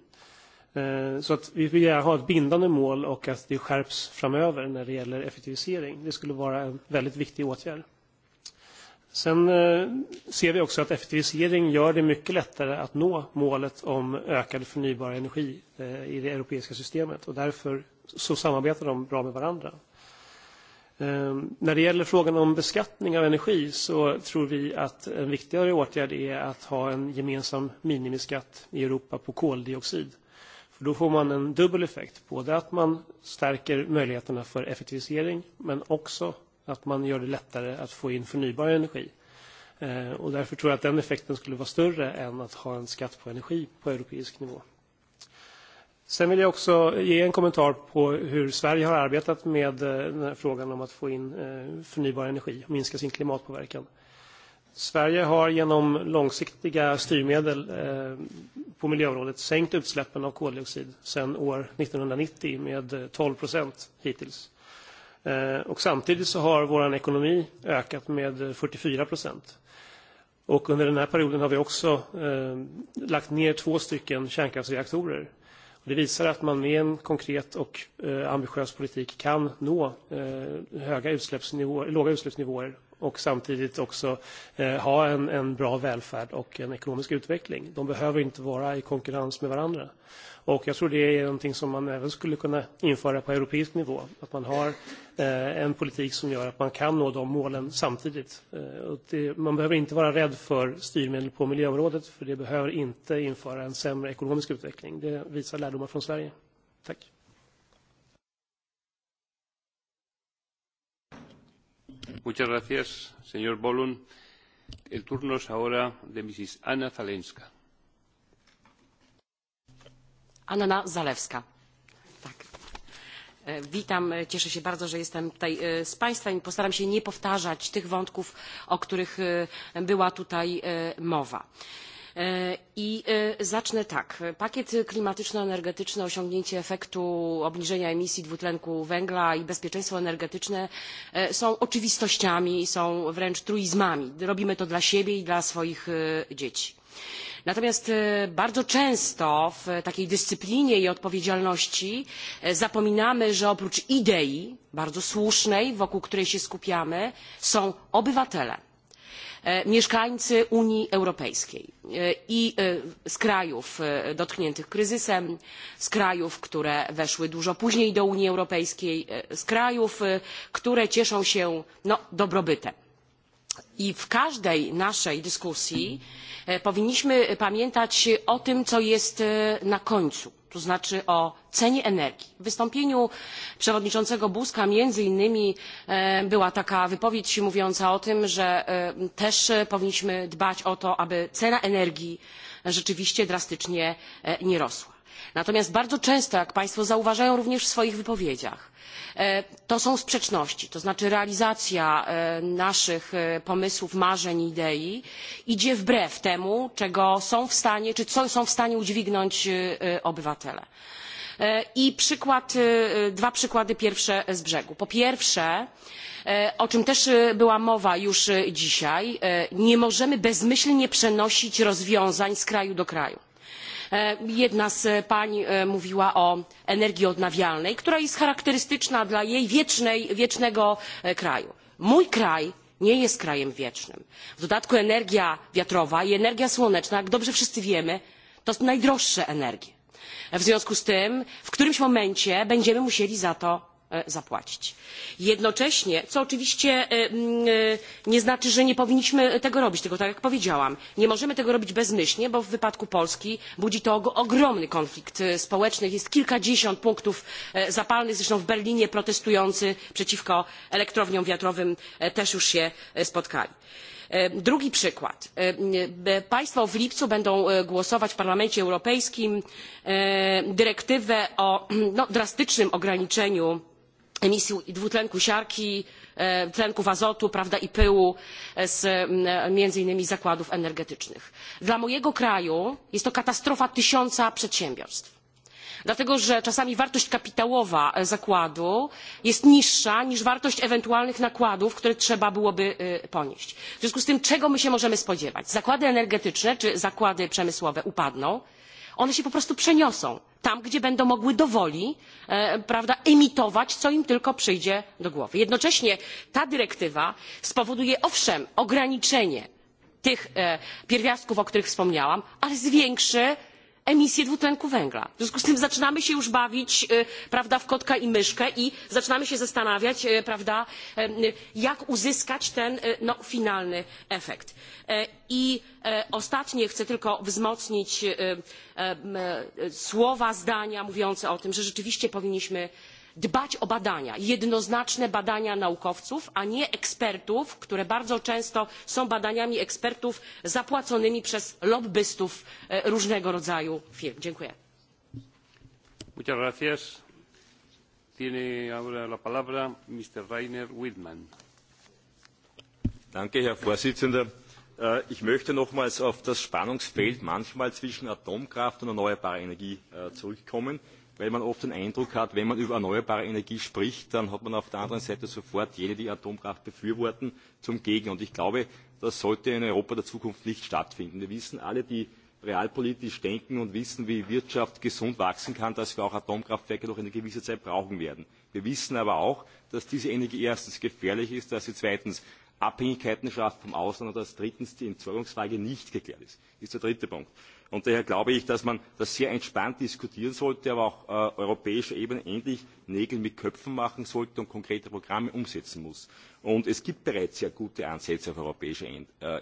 Speaker 18: Så att vi vill ha ett bindande mål och att det skärps framöver när det gäller effektivisering. Det skulle vara en väldigt viktig åtgärd. Sen ser vi också att effektivisering gör det mycket lättare att nå målet om ökad förnybar energi i det europeiska systemet och därför så samarbetar de bra med varandra. När det gäller frågan om beskattning av energi så tror vi att en viktigare åtgärd är att ha en gemensam minimiskatt i Europa på koldioxid. För då får man en dubbel effekt, både att man stärker möjligheterna för effektivisering men också att man gör det lättare att få in förnybar energi. Och därför tror jag att den effekten skulle vara större än att ha en skatt på energi på europeisk nivå. Sen vill jag också ge en kommentar på hur Sverige har arbetat med den här frågan om att få in förnybar energi och minska sin klimatpåverkan. Sverige har genom långsiktiga styrmedel på miljöområdet sänkt utsläppen av koldioxid sedan år 1990 med 12 procent hittills samtidigt så har vår ekonomi ökat med 44 under den här perioden har vi också lagt ner två stycken kärnkraftsreaktorer. Det visar att man med en konkret och ambitiös politik kan nå höga utsläppsnivåer, låga utsläppsnivåer och samtidigt också ha en bra välfärd och en ekonomisk utveckling. De behöver inte vara i konkurrens med varandra. Och jag tror det är någonting som man även skulle kunna införa på europeisk nivå. Att man har en politik som gör att man kan nå de målen samtidigt. Man behöver inte vara rädd för styrmedel på miljöområdet för det behöver inte införa en sämre ekonomisk utveckling. Det visar lärdomar från Sverige. Tack.
Speaker 16: Muchas gracias, señor Bolun. El turno es ahora de Mrs. Anna Zalenska.
Speaker 7: Anna Zalewska. Witam, cieszę się bardzo, że jestem tutaj z Państwem i postaram się nie powtarzać tych wątków, o których była tutaj mowa. I zacznę tak. Pakiet klimatyczno-energetyczny, osiągnięcie efektu obniżenia emisji dwutlenku węgla i bezpieczeństwo energetyczne są oczywistościami, są wręcz truizmami. Robimy to dla siebie i dla swoich dzieci Natomiast bardzo często w takiej dyscyplinie i odpowiedzialności zapominamy, że oprócz idei, bardzo słusznej, wokół której się skupiamy, są obywatele mieszkańcy unii europejskiej i z krajów dotkniętych kryzysem z krajów które weszły dużo później do unii europejskiej z krajów które cieszą się dobrobytem i w każdej naszej dyskusji powinniśmy pamiętać o tym co jest na końcu to znaczy o cenie energii. w wystąpieniu przewodniczącego buzka między innymi była taka wypowiedź mówiąca o tym że też powinniśmy dbać o to aby cena energii rzeczywiście drastycznie nie rosła natomiast bardzo często jak państwo zauważają również w swoich wypowiedziach to są sprzeczności to znaczy realizacja naszych pomysłów marzeń idei idzie wbrew temu czego są w stanie czy co są w stanie udźwignąć obywatele. i dwa przykłady pierwsze z brzegu. po pierwsze o czym też była mowa już dzisiaj nie możemy bezmyślnie przenosić rozwiązań z kraju do kraju jedna z pań mówiła o energii odnawialnej która jest charakterystyczna dla jej wiecznego kraju. mój kraj nie jest krajem wiecznym. w dodatku energia wiatrowa i energia słoneczna jak dobrze wszyscy wiemy to najdroższe energie. w związku z tym w którymś momencie będziemy musieli za to zapłacić. jednocześnie co oczywiście nie znaczy że nie powinniśmy tego robić tylko tak jak powiedziałam nie możemy tego robić bezmyślnie bo w wypadku polski budzi to ogromny konflikt społeczny jest kilkadziesiąt punktów zapalnych zresztą w berlinie protestujący przeciwko elektrowniom wiatrowym też już się spotkali. Drugi przykład. Państwo w lipcu będą głosować w Parlamencie Europejskim dyrektywę o drastycznym ograniczeniu emisji dwutlenku siarki tlenków azotu i pyłu z między innymi zakładów energetycznych. dla mojego kraju jest to katastrofa tysiąca przedsiębiorstw dlatego że czasami wartość kapitałowa zakładu jest niższa niż wartość ewentualnych nakładów które trzeba byłoby ponieść. w związku z tym czego my się możemy spodziewać? zakłady energetyczne czy zakłady przemysłowe upadną? one się po prostu przeniosą tam gdzie będą mogły dowoli emitować co im tylko przyjdzie do głowy. jednocześnie ta dyrektywa spowoduje owszem ograniczenie tych pierwiastków o których wspomniałam ale zwiększy emisję dwutlenku węgla. w związku z tym zaczynamy się już bawić w kotka i myszkę i zaczynamy się zastanawiać jak uzyskać ten finalny efekt. i ostatnie chcę tylko wzmocnić słowa zdania mówiące o tym że rzeczywiście powinniśmy dbać o badania jednoznaczne badania naukowców a nie ekspertów które bardzo często są badaniami ekspertów zapłaconymi przez lobbystów różnego rodzaju firm.
Speaker 19: herr präsident! ich möchte nochmals auf das spannungsfeld manchmal zwischen atomkraft und erneuerbarer energie zurückkommen weil man oft den Eindruck hat, wenn man über erneuerbare Energie spricht, dann hat man auf der anderen Seite sofort jene, die Atomkraft befürworten, zum Gegen. Und ich glaube, das sollte in Europa der Zukunft nicht stattfinden. Wir wissen alle, die realpolitisch denken und wissen, wie Wirtschaft gesund wachsen kann, dass wir auch Atomkraftwerke noch eine gewisse Zeit brauchen werden. Wir wissen aber auch, dass diese Energie erstens gefährlich ist, dass sie zweitens Abhängigkeiten schafft vom Ausland und dass drittens die Entsorgungsfrage nicht geklärt ist. Das ist der dritte Punkt. Und daher glaube ich, dass man das sehr entspannt diskutieren sollte, aber auch auf europäischer Ebene endlich Nägel mit Köpfen machen sollte und konkrete Programme umsetzen muss. Und es gibt bereits sehr gute Ansätze auf europäischer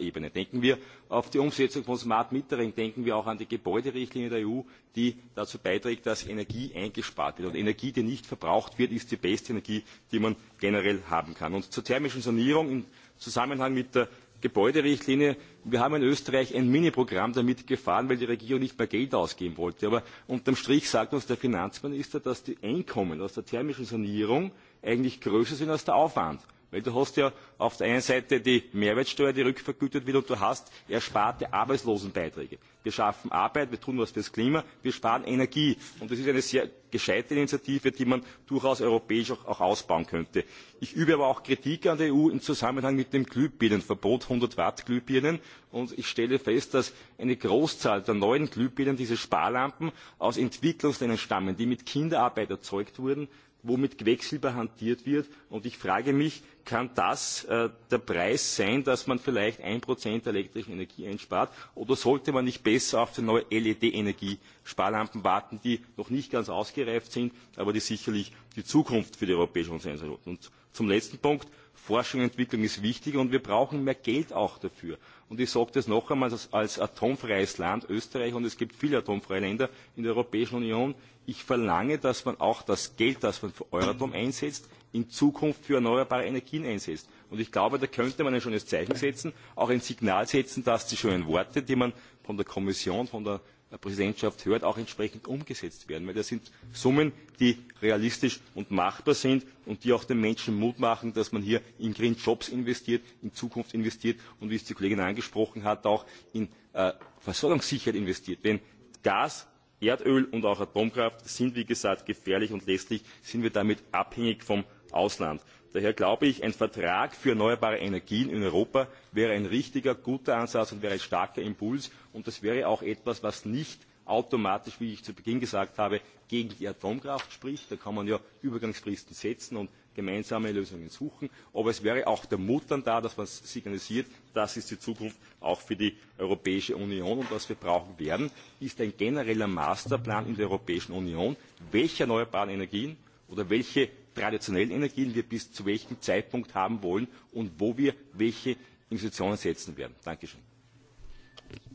Speaker 19: Ebene. Denken wir auf die Umsetzung von Smart Metering, denken wir auch an die Gebäuderichtlinie der EU, die dazu beiträgt, dass Energie eingespart wird. Und Energie, die nicht verbraucht wird, ist die beste Energie, die man generell haben kann. zur thermischen Sanierung im Zusammenhang mit der Gebäuderichtlinie. Wir haben in Österreich ein Miniprogramm damit gefahren, weil die Regierung nicht mehr Geld ausgeben wollte. Aber unterm Strich sagt uns der Finanzminister, dass die Einkommen aus der thermischen Sanierung eigentlich größer sind als der Aufwand. Weil du hast ja auf der einen Seite die Mehrwertsteuer, die rückvergütet wird, und du hast ersparte Arbeitslosenbeiträge. Wir schaffen Arbeit, wir tun was das Klima, wir sparen Energie. Und das ist eine sehr gescheite Initiative, die man durchaus europäisch auch ausbauen könnte. Ich übe aber auch Kritik an der EU im Zusammenhang mit dem Glühbirnenverbot 100 Watt Glühbirnen. Und ich stelle fest, dass eine Großzahl der neuen Glühbirnen, diese Sparlampen, aus Entwicklungsländern stammen, die mit Kinderarbeit erzeugt wurden womit Quecksilber hantiert wird. Und ich frage mich, kann das der Preis sein, dass man vielleicht 1% der elektrischen Energie einspart? Oder sollte man nicht besser auf die neue LED-Energiesparlampen warten, die noch nicht ganz ausgereift sind, aber die sicherlich die Zukunft für die Europäische Union sein sollten? zum letzten Punkt. Forschung und Entwicklung ist wichtig und wir brauchen mehr Geld auch dafür. Und ich sage das noch einmal als atomfreies Land Österreich, und es gibt viele atomfreie Länder in der Europäischen Union, ich verlange, dass man auch das Geld, das man für Euratom einsetzt, in Zukunft für erneuerbare Energien einsetzt. Und ich glaube, da könnte man ein schönes Zeichen setzen, auch ein Signal setzen, dass die schönen Worte, die man von der Kommission, von der Präsidentschaft hört, auch entsprechend umgesetzt werden. Denn das sind Summen, die realistisch und machbar sind und die auch den Menschen Mut machen, dass man hier in Green Jobs investiert, in Zukunft investiert und, wie es die Kollegin angesprochen hat, auch in Versorgungssicherheit investiert. Denn Gas, Erdöl und auch Atomkraft sind, wie gesagt, gefährlich und letztlich sind wir damit abhängig vom Ausland daher glaube ich ein vertrag für erneuerbare energien in europa wäre ein richtiger guter ansatz und wäre ein starker impuls und das wäre auch etwas was nicht automatisch wie ich zu beginn gesagt habe gegen die atomkraft spricht da kann man ja übergangsfristen setzen und gemeinsame lösungen suchen aber es wäre auch der mut dann da dass man signalisiert das ist die zukunft auch für die europäische union und was wir brauchen werden ist ein genereller masterplan in der europäischen union welche erneuerbaren energien oder welche traditionellen Energien wir bis zu welchem Zeitpunkt haben wollen und wo wir welche Investitionen setzen werden. Dankeschön.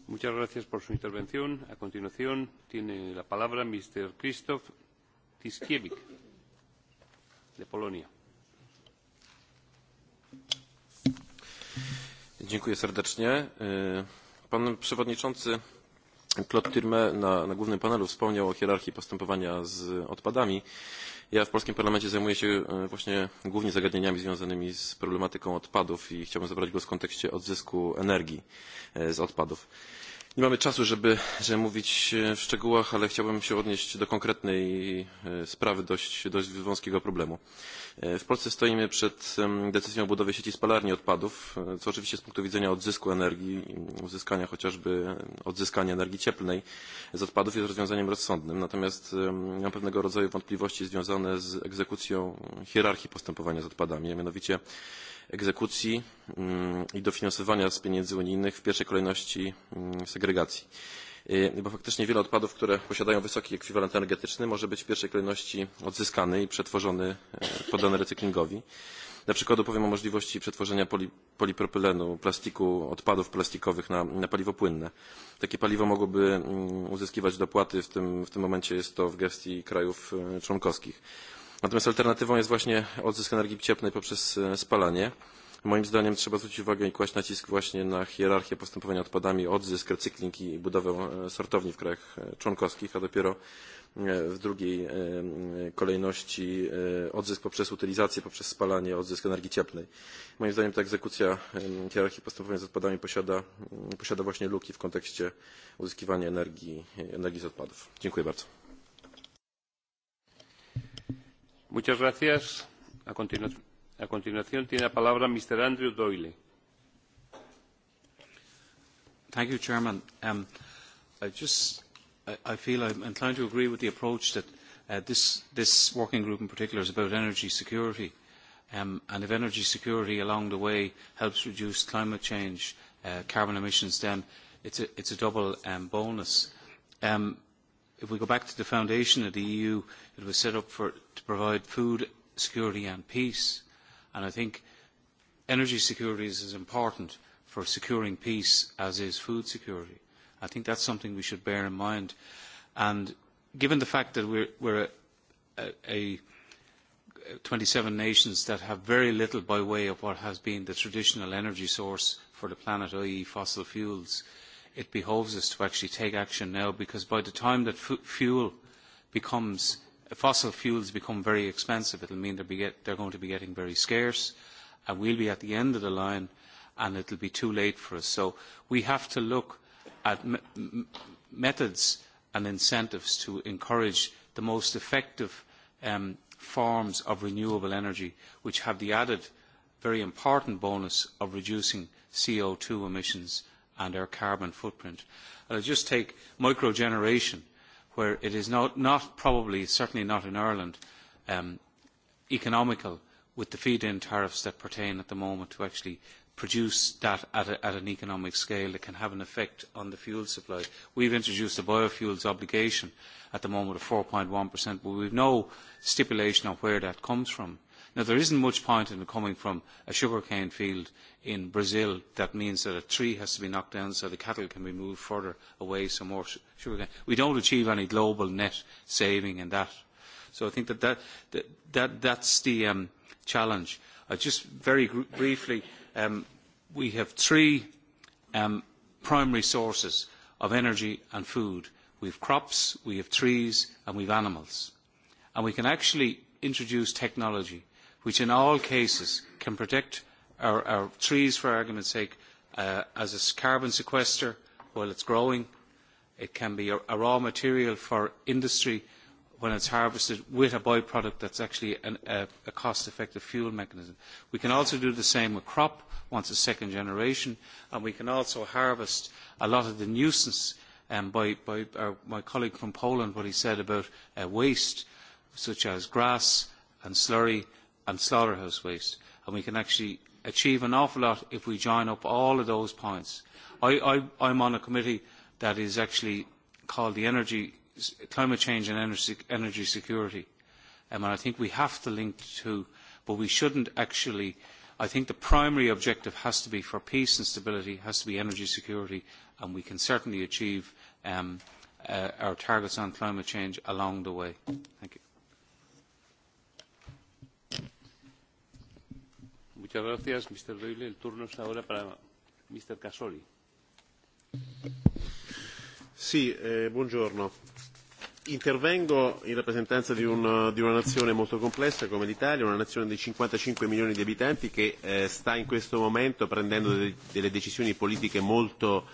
Speaker 16: Muchas gracias por su intervención. A continuación tiene la palabra Mr. Krzysztof Tiskiewicz,
Speaker 9: de Polonia. Dziękuję serdecznie. Pan przewodniczący Claude na, na głównym panelu wspomniał o hierarchii postępowania z odpadami Ja w polskim parlamencie zajmuję się właśnie głównie zagadnieniami związanymi z problematyką odpadów i chciałbym zabrać głos w kontekście odzysku energii z odpadów. Nie mamy czasu, żeby mówić w szczegółach, ale chciałbym się odnieść do konkretnej sprawy dość wąskiego problemu. W Polsce stoimy przed decyzją o budowie sieci spalarni odpadów, co oczywiście z punktu widzenia odzysku energii, uzyskania chociażby odzyskania energii cieplnej z odpadów jest rozwiązaniem rozsądnym. Natomiast mam pewnego rodzaju wątpliwości związane z egzekucją hierarchii postępowania z odpadami, a mianowicie egzekucji i dofinansowania z pieniędzy unijnych, w pierwszej kolejności segregacji. Bo faktycznie wiele odpadów, które posiadają wysoki ekwiwalent energetyczny, może być w pierwszej kolejności odzyskany i przetworzony, podany recyklingowi. Na przykład powiem o możliwości przetworzenia polipropylenu, plastiku, odpadów plastikowych na paliwo płynne. Takie paliwo mogłoby uzyskiwać dopłaty, w tym momencie jest to w gestii krajów członkowskich Natomiast alternatywą jest właśnie odzysk energii cieplnej poprzez spalanie. Moim zdaniem trzeba zwrócić uwagę i kłaść nacisk właśnie na hierarchię postępowania odpadami, odzysk, recykling i budowę sortowni w krajach członkowskich, a dopiero w drugiej kolejności odzysk poprzez utylizację, poprzez spalanie, odzysk energii cieplnej. Moim zdaniem ta egzekucja hierarchii postępowania z odpadami posiada, posiada właśnie luki w kontekście uzyskiwania energii, energii z odpadów. Dziękuję bardzo.
Speaker 16: A continuación tiene la palabra Mr. Andrew Doyle.
Speaker 20: I just I feel inclined to agree with the approach that this this working group in particular is about energy security, and if energy security along the way helps reduce climate change, carbon emissions, then it's a double bonus. If we go back to the foundation of the EU, it was set up to provide food security and peace, and I think energy security is as important for securing peace as is food security. I think that's something we should bear in mind. And given the fact that we're a 27 nations that have very little by way of what has been the traditional energy source for the planet, i.e. fossil fuels, it behoves us to actually take action now because by the time that fuel becomes fossil fuels become very expensive it will mean they're going to be getting very scarce and we'll be at the end of the line and it will be too late for us. so we have to look at methods and incentives to encourage the most effective forms of renewable energy which have the added very important bonus of reducing co2 emissions and our carbon footprint. I'll just take micro generation where it is not probably, certainly not in Ireland, economical with the feed-in tariffs that pertain at the moment to actually produce that at an economic scale that can have an effect on the fuel supply. We've introduced a biofuels obligation at the moment of 4.1%, but we have no stipulation on where that comes from. Now, there isn't much point in coming from a sugarcane field in Brazil that means that a tree has to be knocked down so the cattle can be moved further away, so more sugarcane. We don't achieve any global net saving in that. So I think that that's the challenge. Just very briefly, we have three primary sources of energy and food. We have crops, we have trees, and we have animals. And we can actually introduce technology which in all cases can protect our trees, for argument's sake, as a carbon sequester while it's growing. It can be a raw material for industry when it's harvested with a byproduct that's actually a cost-effective fuel mechanism. We can also do the same with crop once a second generation, and we can also harvest a lot of the nuisance by my colleague from Poland, what he said about waste, such as grass and slurry and slaughterhouse waste. And we can actually achieve an awful lot if we join up all of those points. I'm on a committee that is actually called the Energy, Climate Change and Energy Security. And I think we have to link the two, but we shouldn't actually. I think the primary objective has to be for peace and stability, has to be energy security, and we can certainly achieve our targets on climate change along the way. Thank you.
Speaker 16: Muchas gracias, Mr. Doyle. El turno es ahora para Mr. Casoli.
Speaker 21: Sì, buongiorno. Intervengo in rappresentanza di una nazione molto complessa come l'Italia, una nazione di 55 milioni di abitanti che sta in questo momento prendendo delle decisioni politiche molto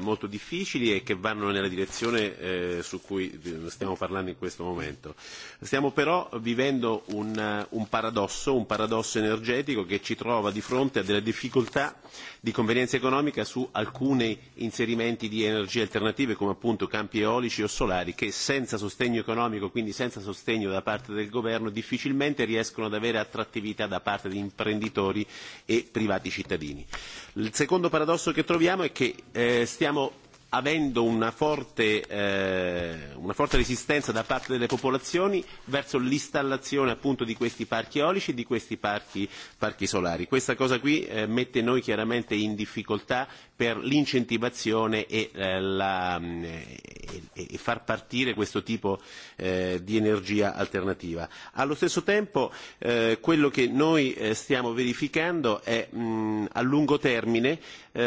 Speaker 21: molto difficili e che vanno nella direzione su cui stiamo parlando in questo momento. Stiamo però vivendo un paradosso, un paradosso energetico che ci trova di fronte a delle difficoltà di convenienza economica su alcuni inserimenti di energie alternative come appunto campi eolici o solari che senza sostegno economico quindi senza sostegno da parte del governo difficilmente riescono ad avere attrattività da parte di imprenditori e privati cittadini. Il secondo paradosso che troviamo è che stiamo avendo una forte resistenza da parte delle popolazioni verso l'installazione appunto di questi parchi eolici e di questi parchi solari. Questa cosa qui mette noi chiaramente in difficoltà per l'incentivazione e far partire questo tipo di energia alternativa. Allo stesso tempo quello che noi stiamo verificando è a lungo termine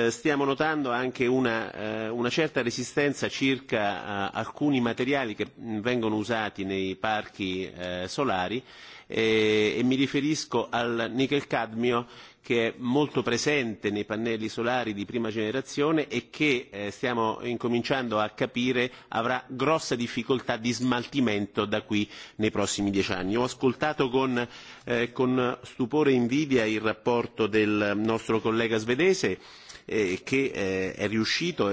Speaker 21: stiamo notando anche una certa resistenza circa alcuni materiali che vengono usati nei parchi solari e mi riferisco al Nickel cadmio che è molto presente nei pannelli solari di prima generazione e che stiamo incominciando a capire avrà grossa difficoltà di smaltimento da qui nei prossimi dieci anni. Ho ascoltato con stupore e invidia il rapporto del nostro collega svedese che è riuscito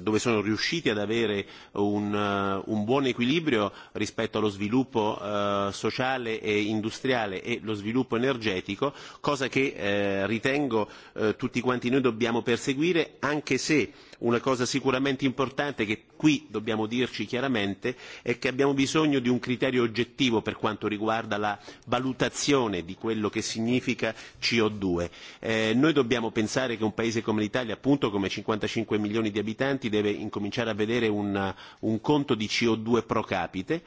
Speaker 21: dove sono riusciti ad avere un buon equilibrio rispetto allo sviluppo sociale e industriale e lo sviluppo energetico cosa che ritengo tutti quanti noi dobbiamo perseguire anche se una cosa sicuramente importante che qui dobbiamo dirci chiaramente è che abbiamo bisogno di un criterio oggettivo per quanto riguarda la valutazione di quello che significa CO2. Noi dobbiamo pensare che un paese come l'Italia, appunto come 55 milioni di abitanti, deve incominciare a vedere un conto di CO2 pro capite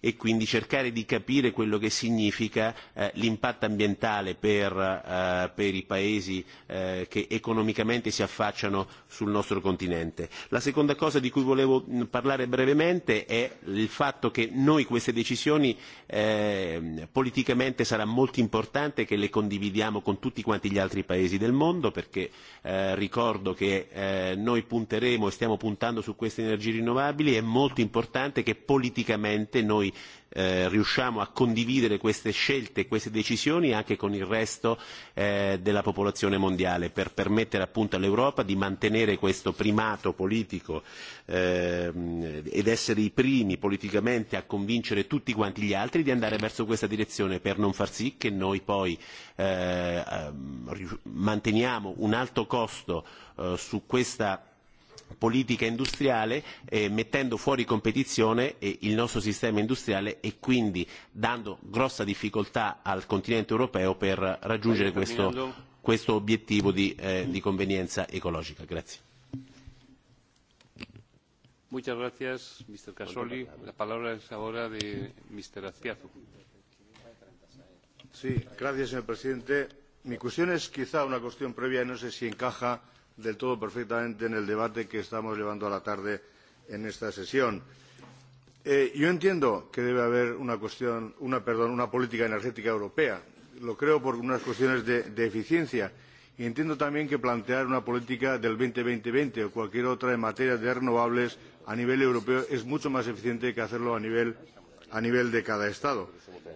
Speaker 21: e quindi cercare di capire quello che significa l'impatto ambientale per i paesi che economicamente si affacciano sul nostro continente continente. La seconda cosa di cui volevo parlare brevemente è il fatto che noi queste decisioni politicamente sarà molto importante che le condividiamo con tutti quanti gli altri paesi del mondo perché ricordo che noi punteremo e stiamo puntando su queste energie rinnovabili è molto importante che politicamente noi riusciamo a condividere queste scelte e queste decisioni anche con il resto della popolazione mondiale per permettere appunto all'Europa di mantenere questo primato politico ed essere i primi politicamente a convincere tutti quanti gli altri di andare verso questa direzione per non far sì che noi poi manteniamo un alto costo su questa politica industriale mettendo fuori competizione il nostro sistema industriale e quindi dando grossa difficoltà al continente europeo per raggiungere questo obiettivo di convenienza ecologica.
Speaker 16: Muchas gracias, Mr. Casoli. La palabra es ahora de Mr. Azpiazu.
Speaker 22: Sí, gracias, señor presidente. Mi cuestión es quizá una cuestión previa, no sé si encaja del todo perfectamente en el debate que estamos llevando a la tarde en esta sesión. Yo entiendo que debe haber una cuestión, una política energética europea. Lo creo por unas cuestiones de eficiencia y entiendo también que plantear una política del 2020 o cualquier otra en materia de renovables a nivel europeo es mucho más eficiente que hacerlo a nivel a nivel de cada estado.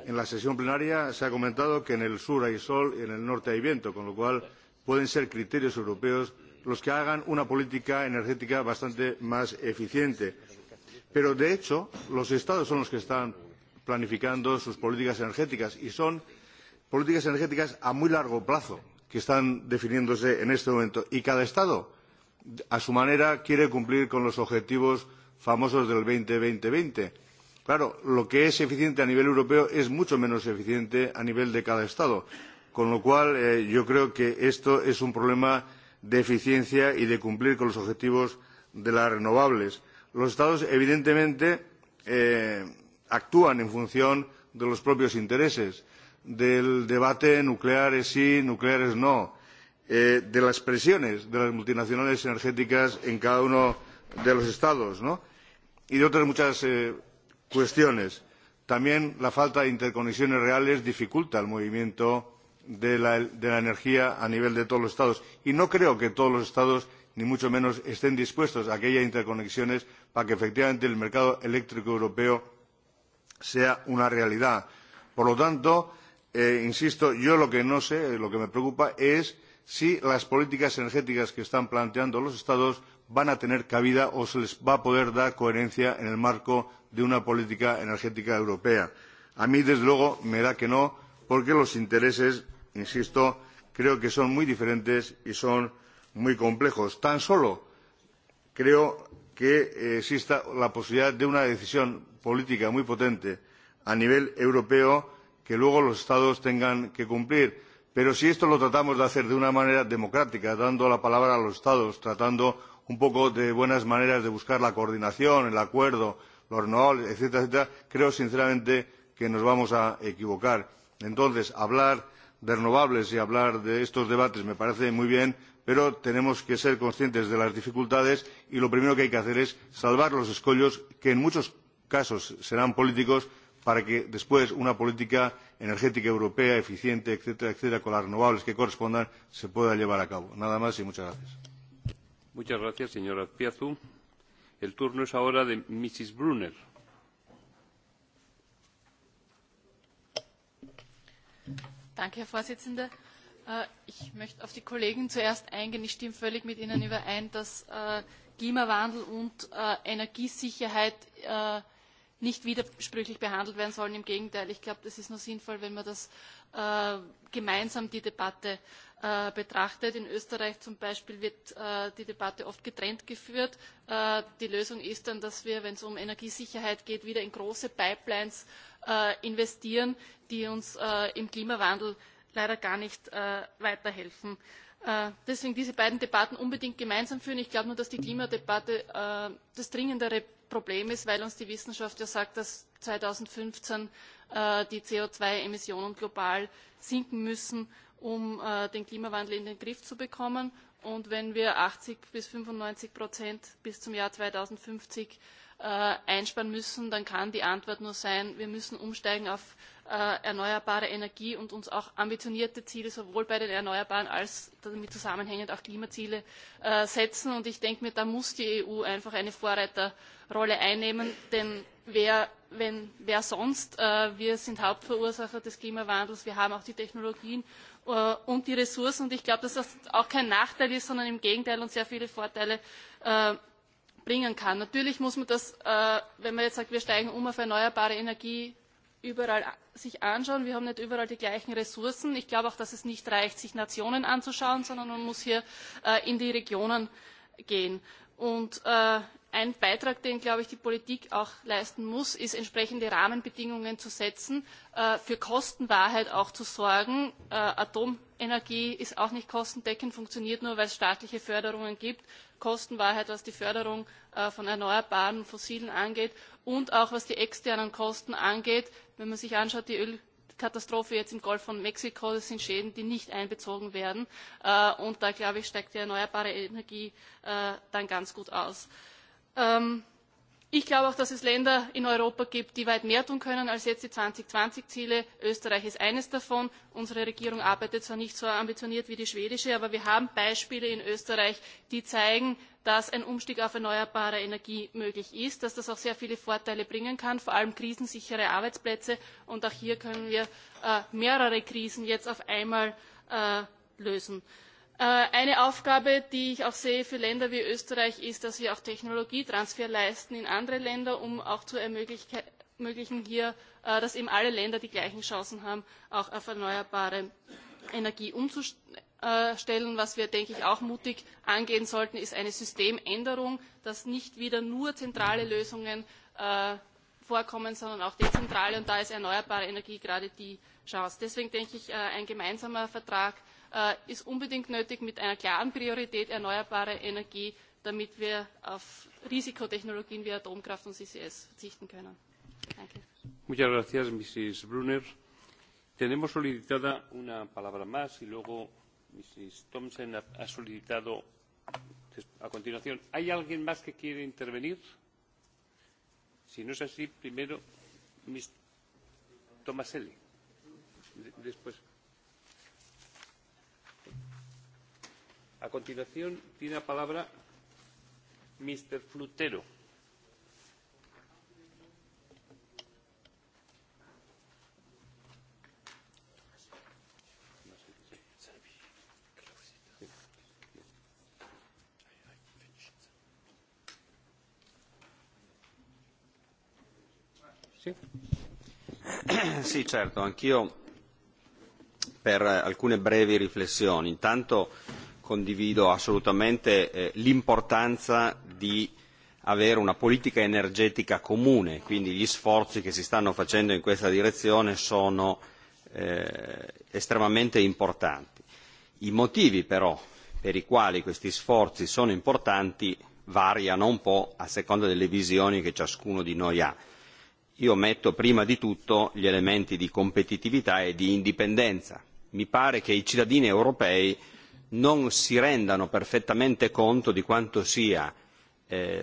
Speaker 22: En la sesión plenaria se ha comentado que en el sur hay sol y en el norte hay viento, con lo cual pueden ser criterios europeos los que hagan una política energética bastante más eficiente. Pero, de hecho, los Estados son los que están planificando sus políticas energéticas y son políticas energéticas a muy largo plazo que están definiéndose en este momento. Y cada Estado, a su manera, quiere cumplir con los objetivos famosos del 2020. 2020 Claro, lo que es eficiente a nivel europeo es mucho menos eficiente a nivel de cada Estado. Con lo cual, yo creo que esto es un problema de eficiencia y de cumplir con los objetivos de las renovables. Los Estados, evidentemente, actúan en función de los propios intereses, del debate nucleares sí, nucleares no, de las presiones de las multinacionales energéticas en cada uno de los Estados y de otras muchas cuestiones. También la falta de interconexiones reales dificulta el movimiento de la energía a nivel de todos los Estados. Y no creo que todos los Estados, ni mucho menos, estén dispuestos a que haya interconexiones para que efectivamente el mercado eléctrico europeo sea una realidad. Por lo tanto, insisto, yo lo que no sé, lo que me preocupa es si las políticas energéticas que están planteando los Estados van a tener cabida o se les va a poder dar coherencia en el marco de una política energética europea. A mí, desde luego, me da que no, porque los intereses insisto creo que son muy diferentes y son muy complejos. tan solo creo que exista la posibilidad de una decisión política muy potente a nivel europeo que luego los estados tengan que cumplir pero si esto lo tratamos de hacer de una manera democrática dando la palabra a los estados tratando un poco de buenas maneras de buscar la coordinación el acuerdo los renovables etcétera creo sinceramente que nos vamos a equivocar. entonces hablar de renovables y hablar de estos debates me parece muy bien pero tenemos que ser conscientes de las dificultades y lo primero que hay que hacer es salvar los escollos que en muchos casos serán políticos para que después una política energética europea eficiente etcétera etcétera con las renovables que correspondan se pueda llevar a cabo. nada más y muchas gracias.
Speaker 16: muchas gracias señora el turno es ahora de mrs brunner.
Speaker 6: Danke, Herr Vorsitzender. Ich möchte auf die Kollegen zuerst eingehen. Ich stimme völlig mit Ihnen überein, dass Klimawandel und Energiesicherheit nicht widersprüchlich behandelt werden sollen. Im Gegenteil, ich glaube, das ist nur sinnvoll, wenn man das gemeinsam die Debatte betrachtet. In Österreich zum Beispiel wird die Debatte oft getrennt geführt. Die Lösung ist dann, dass wir, wenn es um Energiesicherheit geht, wieder in große Pipelines investieren, die uns im Klimawandel leider gar nicht weiterhelfen. Deswegen diese beiden Debatten unbedingt gemeinsam führen. Ich glaube nur, dass die Klimadebatte das dringendere Problem ist, weil uns die Wissenschaft ja sagt, dass 2015 die CO2-Emissionen global sinken müssen, um den Klimawandel in den Griff zu bekommen. Und wenn wir 80 bis 95 Prozent bis zum Jahr 2050 einsparen müssen, dann kann die Antwort nur sein, wir müssen umsteigen auf erneuerbare Energie und uns auch ambitionierte Ziele sowohl bei den Erneuerbaren als damit zusammenhängend auch Klimaziele setzen. Und ich denke mir, da muss die EU einfach eine Vorreiterrolle einnehmen, denn wer sonst? Wir sind Hauptverursacher des Klimawandels, wir haben auch die Technologien und die Ressourcen. Und ich glaube, dass das auch kein Nachteil ist, sondern im Gegenteil und sehr viele Vorteile bringen kann. Natürlich muss man das, wenn man jetzt sagt, wir steigen um auf erneuerbare Energie, überall anschauen. Wir haben nicht überall die gleichen Ressourcen. Ich glaube auch, dass es nicht reicht, sich Nationen anzuschauen, sondern man muss hier in die Regionen gehen ein beitrag den glaube ich die politik auch leisten muss ist entsprechende rahmenbedingungen zu setzen für kostenwahrheit auch zu sorgen atomenergie ist auch nicht kostendeckend funktioniert nur weil es staatliche förderungen gibt kostenwahrheit was die förderung von erneuerbaren und fossilen angeht und auch was die externen kosten angeht wenn man sich anschaut die Ölkatastrophe jetzt im Golf von Mexiko, das sind Schäden, die nicht einbezogen werden. Und da, glaube ich, steigt die erneuerbare Energie dann ganz gut aus. Ich glaube auch, dass es Länder in Europa gibt, die weit mehr tun können als jetzt die 2020-Ziele. Österreich ist eines davon. Unsere Regierung arbeitet zwar nicht so ambitioniert wie die schwedische, aber wir haben Beispiele in Österreich, die zeigen, dass ein Umstieg auf erneuerbare Energie möglich ist, dass das auch sehr viele Vorteile bringen kann, vor allem krisensichere Arbeitsplätze. Und auch hier können wir mehrere Krisen jetzt auf einmal lösen. Eine Aufgabe, die ich auch sehe für Länder wie Österreich, ist, dass wir auch Technologietransfer leisten in andere Länder, um auch zu ermöglichen, dass eben alle Länder die gleichen Chancen haben, auch auf erneuerbare Energie umzustellen. Was wir, denke ich, auch mutig angehen sollten, ist eine Systemänderung, dass nicht wieder nur zentrale Lösungen vorkommen, sondern auch dezentrale. Und da ist erneuerbare Energie gerade die Chance. Deswegen denke ich, ein gemeinsamer Vertrag ist unbedingt nötig mit einer klaren Priorität erneuerbare Energie, damit wir auf Risikotechnologien wie Atomkraft und CCS verzichten können. Danke.
Speaker 16: Muchas gracias, Mrs. Brunner. Tenemos solicitada una palabra más y luego Mrs. Thompson ha solicitado a continuación. ¿Hay alguien más que quiere intervenir? Si no es así, primero Mr. Tomaselli. Después. A continuación, tiene la palabra Mr. Flutero.
Speaker 20: Sì,
Speaker 23: certo, anch'io per alcune brevi riflessioni. Intanto condivido assolutamente l'importanza di avere una politica energetica comune quindi gli sforzi che si stanno facendo in questa direzione sono estremamente importanti. i motivi però per i quali questi sforzi sono importanti variano un po' a seconda delle visioni che ciascuno di noi ha. io metto prima di tutto gli elementi di competitività e di indipendenza. mi pare che i cittadini europei non si rendano perfettamente conto di quanto sia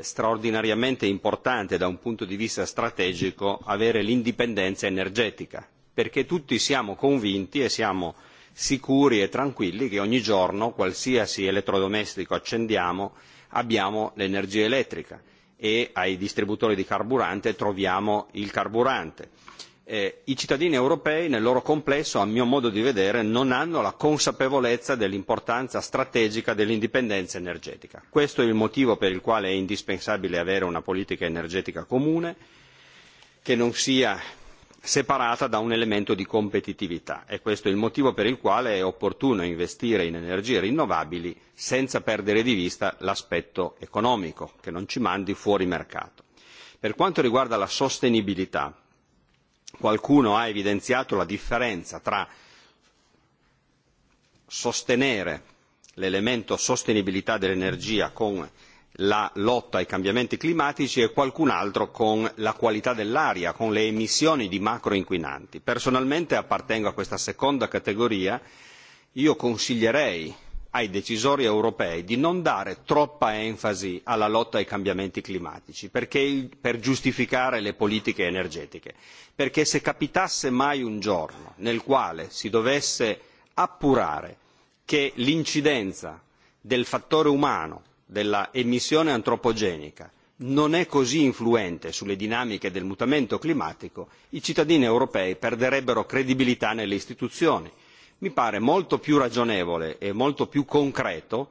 Speaker 23: straordinariamente importante da un punto di vista strategico avere l'indipendenza energetica perché tutti siamo convinti e siamo sicuri e tranquilli che ogni giorno qualsiasi elettrodomestico accendiamo abbiamo l'energia elettrica e ai distributori di carburante troviamo il carburante i cittadini europei nel loro complesso a mio modo di vedere non hanno la consapevolezza dell'importanza strategica dell'indipendenza energetica. questo è il motivo per il quale è indispensabile avere una politica energetica comune che non sia separata da un elemento di competitività e questo è il motivo per il quale è opportuno investire in energie rinnovabili senza perdere di vista l'aspetto economico che non ci mandi fuori mercato. per quanto riguarda la sostenibilità qualcuno ha evidenziato la differenza tra sostenere l'elemento sostenibilità dell'energia con la lotta ai cambiamenti climatici e qualcun altro con la qualità dell'aria con le emissioni di macroinquinanti. personalmente appartengo a questa seconda categoria io consiglierei ai decisori europei di non dare troppa enfasi alla lotta ai cambiamenti climatici per giustificare le politiche energetiche perché se capitasse mai un giorno nel quale si dovesse appurare che l'incidenza del fattore umano dell'emissione antropogenica non è così influente sulle dinamiche del mutamento climatico i cittadini europei perderebbero credibilità nelle istituzioni mi pare molto più ragionevole e molto più concreto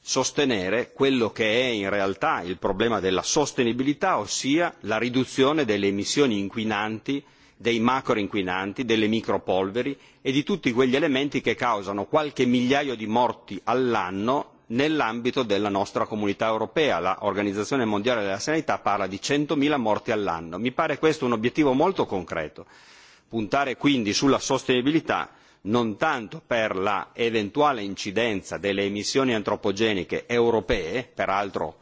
Speaker 23: sostenere quello che è in realtà il problema della sostenibilità ossia la riduzione delle emissioni inquinanti dei macroinquinanti delle micropolveri e di tutti quegli elementi che causano qualche migliaio di morti all'anno nell'ambito della nostra comunità europea l'organizzazione mondiale della sanità parla di centomila morti all'anno. mi pare questo un obiettivo molto concreto puntare quindi sulla sostenibilità non tanto per l'eventuale incidenza delle emissioni antropogeniche europee peraltro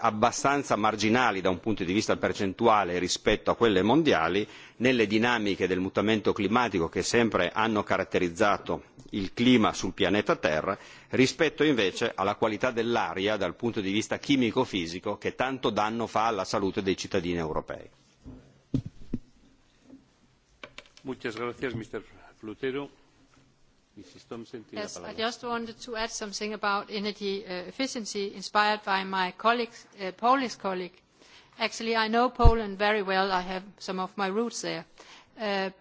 Speaker 23: abbastanza marginali da un punto di vista percentuale rispetto a quelle mondiali nelle dinamiche del mutamento climatico che sempre hanno caratterizzato il clima sul pianeta terra rispetto invece alla qualità dell'aria dal punto di vista chimico fisico che tanto danno fa alla salute dei cittadini europei.
Speaker 16: Yes, I
Speaker 15: just wanted to add something about energy efficiency inspired by my colleague, Polish colleague. Actually, I know Poland very well. I have some of my roots there.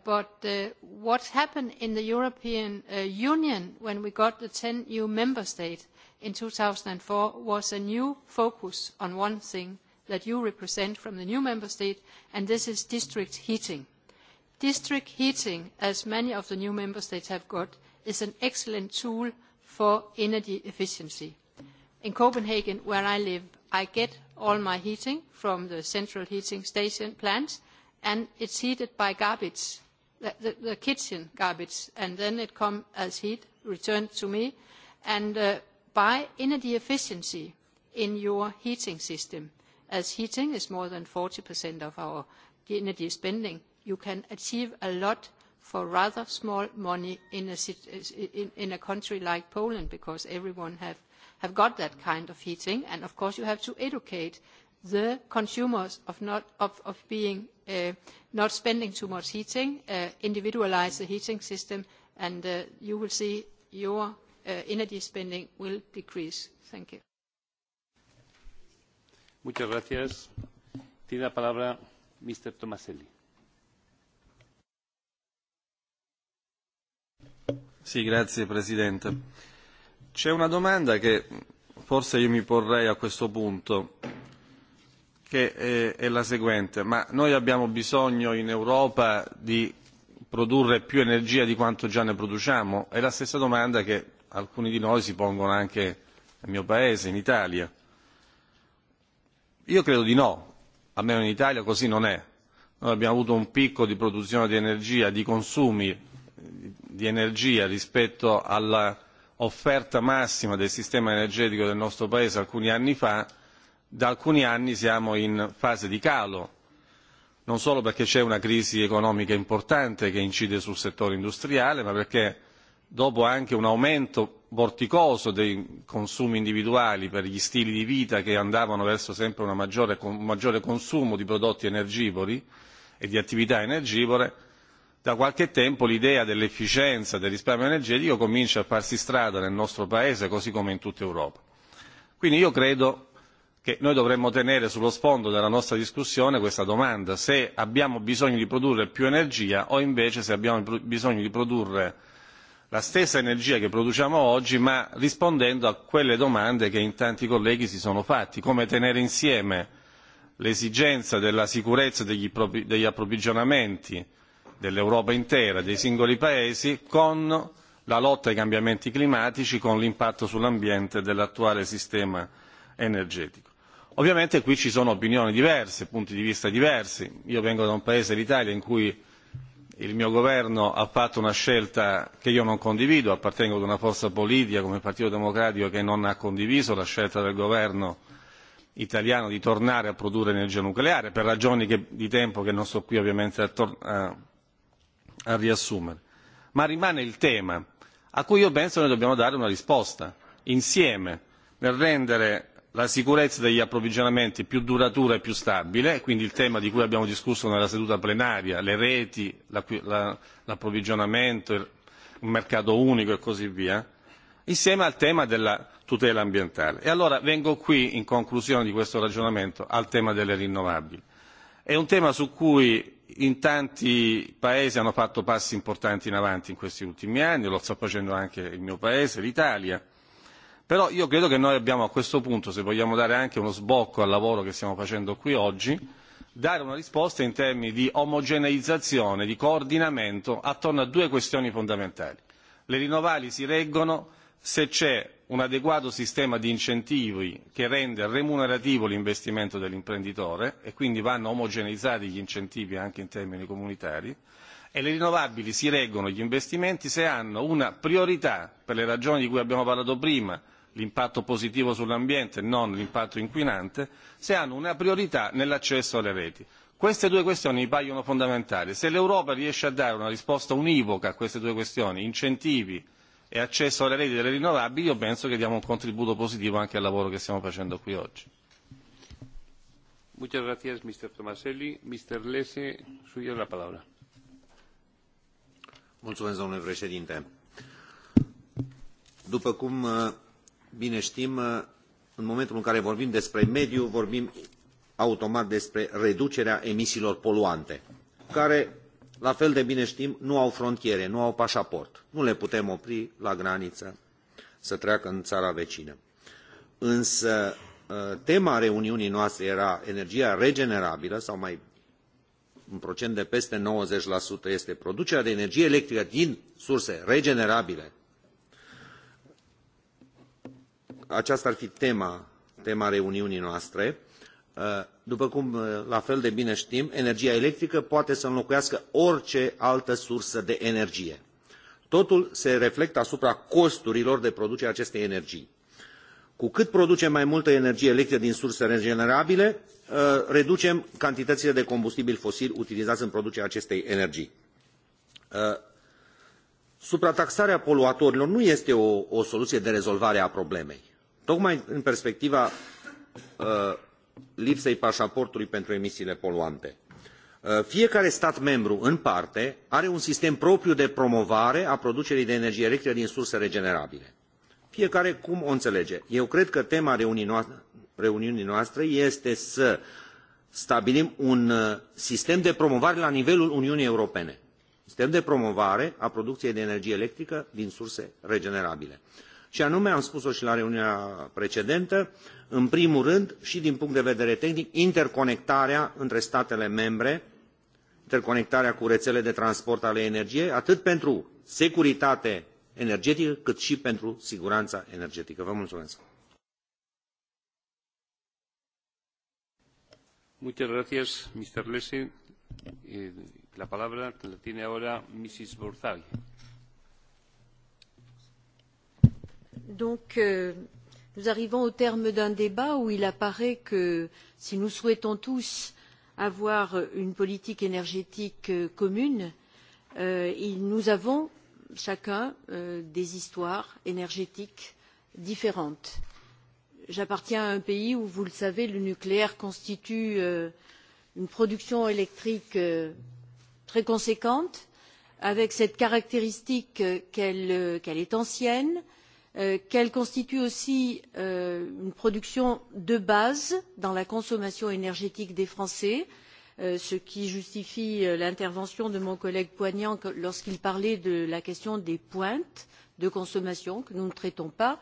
Speaker 15: But what happened in the European Union when we got the 10 new member states in 2004 was a new focus on one thing that you represent from the new member state, and this is district heating. District heating, as many of the new member states have got, is an excellent tool for energy efficiency. In Copenhagen, where I live, I get all my heating from the central heating station plants and it's heated by garbage, the kitchen garbage, and then it comes as heat returned to me. And by energy efficiency in your heating system, as heating is more than 40% of our energy spending, you can achieve a lot for rather small money in a country like Poland, because everyone have got that kind of heating. And of course, you have to educate the consumers of being not spending too much heating, individualize the heating system, and you will see your energy spending will decrease. Thank you.
Speaker 16: Muchas gracias. Tiene la palabra Mr. Tomaselli.
Speaker 4: Sì, grazie Presidente. C'è una domanda che forse io mi porrei a questo punto, che è la seguente. Ma noi abbiamo bisogno in Europa di produrre più energia di quanto già ne produciamo? È la stessa domanda che alcuni di noi si pongono anche nel mio Paese, in Italia. Io credo di no, almeno in Italia così non è. Noi abbiamo avuto un picco di produzione di energia, di consumi di energia rispetto all'offerta massima del sistema energetico del nostro paese alcuni anni fa da alcuni anni siamo in fase di calo non solo perché c'è una crisi economica importante che incide sul settore industriale ma perché dopo anche un aumento vorticoso dei consumi individuali per gli stili di vita che andavano verso sempre un maggiore consumo di prodotti energivori e di attività energivore da qualche tempo l'idea dell'efficienza del risparmio energetico comincia a farsi strada nel nostro paese così come in tutta europa. quindi io credo che noi dovremmo tenere sullo sfondo della nostra discussione questa domanda se abbiamo bisogno di produrre più energia o invece se abbiamo bisogno di produrre la stessa energia che produciamo oggi ma rispondendo a quelle domande che in tanti colleghi si sono fatti come tenere insieme l'esigenza della sicurezza degli approvvigionamenti dell'Europa intera, dei singoli Paesi, con la lotta ai cambiamenti climatici, con l'impatto sull'ambiente dell'attuale sistema energetico. Ovviamente qui ci sono opinioni diverse, punti di vista diversi. Io vengo da un Paese, l'Italia, in cui il mio governo ha fatto una scelta che io non condivido, appartengo ad una forza politica come Partito Democratico che non ha condiviso la scelta del governo italiano di tornare a produrre energia nucleare per ragioni di tempo che non sto qui ovviamente a a riassumere ma rimane il tema a cui io penso noi dobbiamo dare una risposta insieme nel rendere la sicurezza degli approvvigionamenti più duratura e più stabile quindi il tema di cui abbiamo discusso nella seduta plenaria le reti l'approvvigionamento il mercato unico e così via insieme al tema della tutela ambientale. e allora vengo qui in conclusione di questo ragionamento al tema delle rinnovabili. è un tema su cui in tanti paesi hanno fatto passi importanti in avanti in questi ultimi anni lo sta facendo anche il mio paese l'italia però io credo che noi abbiamo a questo punto se vogliamo dare anche uno sbocco al lavoro che stiamo facendo qui oggi dare una risposta in termini di omogeneizzazione di coordinamento attorno a due questioni fondamentali le rinnovabili si reggono se c'è un adeguato sistema di incentivi che rende remunerativo l'investimento dell'imprenditore e quindi vanno omogeneizzati gli incentivi anche in termini comunitari e le rinnovabili si reggono gli investimenti se hanno una priorità per le ragioni di cui abbiamo parlato prima l'impatto positivo sull'ambiente e non l'impatto inquinante se hanno una priorità nell'accesso alle reti. Queste due questioni mi paiono fondamentali. Se l'Europa riesce a dare una risposta univoca a queste due questioni incentivi e accesso alle reti delle rinnovabili, io penso che diamo un contributo positivo anche al lavoro che stiamo facendo qui oggi.
Speaker 16: Muchas gracias, Mr. Tomaselli. Mr. Lese, suyo la palabra.
Speaker 24: Mulțumesc, domnule președinte. După cum bine știm, în momentul în care vorbim despre mediu, vorbim automat despre reducerea emisiilor poluante, care la fel de bine știm, nu au frontiere, nu au pașaport. Nu le putem opri la graniță să treacă în țara vecină. Însă tema reuniunii noastre era energia regenerabilă, sau mai un procent de peste 90% este producerea de energie electrică din surse regenerabile. Aceasta ar fi tema, tema reuniunii noastre după cum la fel de bine știm, energia electrică poate să înlocuiască orice altă sursă de energie. Totul se reflectă asupra costurilor de producere a acestei energii. Cu cât producem mai multă energie electrică din surse regenerabile, reducem cantitățile de combustibil fosil utilizați în producerea acestei energii. Suprataxarea poluatorilor nu este o, o soluție de rezolvare a problemei. Tocmai în perspectiva lipsei pașaportului pentru emisiile poluante. Fiecare stat membru, în parte, are un sistem propriu de promovare a producerii de energie electrică din surse regenerabile. Fiecare cum o înțelege. Eu cred că tema reuniunii noastre este să stabilim un sistem de promovare la nivelul Uniunii Europene. Sistem de promovare a producției de energie electrică din surse regenerabile. Și anume, am spus-o și la reuniunea precedentă, în primul rând și din punct de vedere tehnic, interconectarea între statele membre, interconectarea cu rețele de transport ale energiei, atât pentru securitate energetică, cât și pentru siguranța energetică. Vă mulțumesc!
Speaker 16: Muchas gracias, Mr. La palabra la tiene ahora Mrs.
Speaker 5: Donc, nous arrivons au terme d'un débat où il apparaît que si nous souhaitons tous avoir une politique énergétique commune nous avons chacun des histoires énergétiques différentes. j'appartiens à un pays où vous le savez le nucléaire constitue une production électrique très conséquente avec cette caractéristique qu'elle est ancienne qu'elle constitue aussi une production de base dans la consommation énergétique des Français, ce qui justifie l'intervention de mon collègue Poignant lorsqu'il parlait de la question des pointes de consommation que nous ne traitons pas.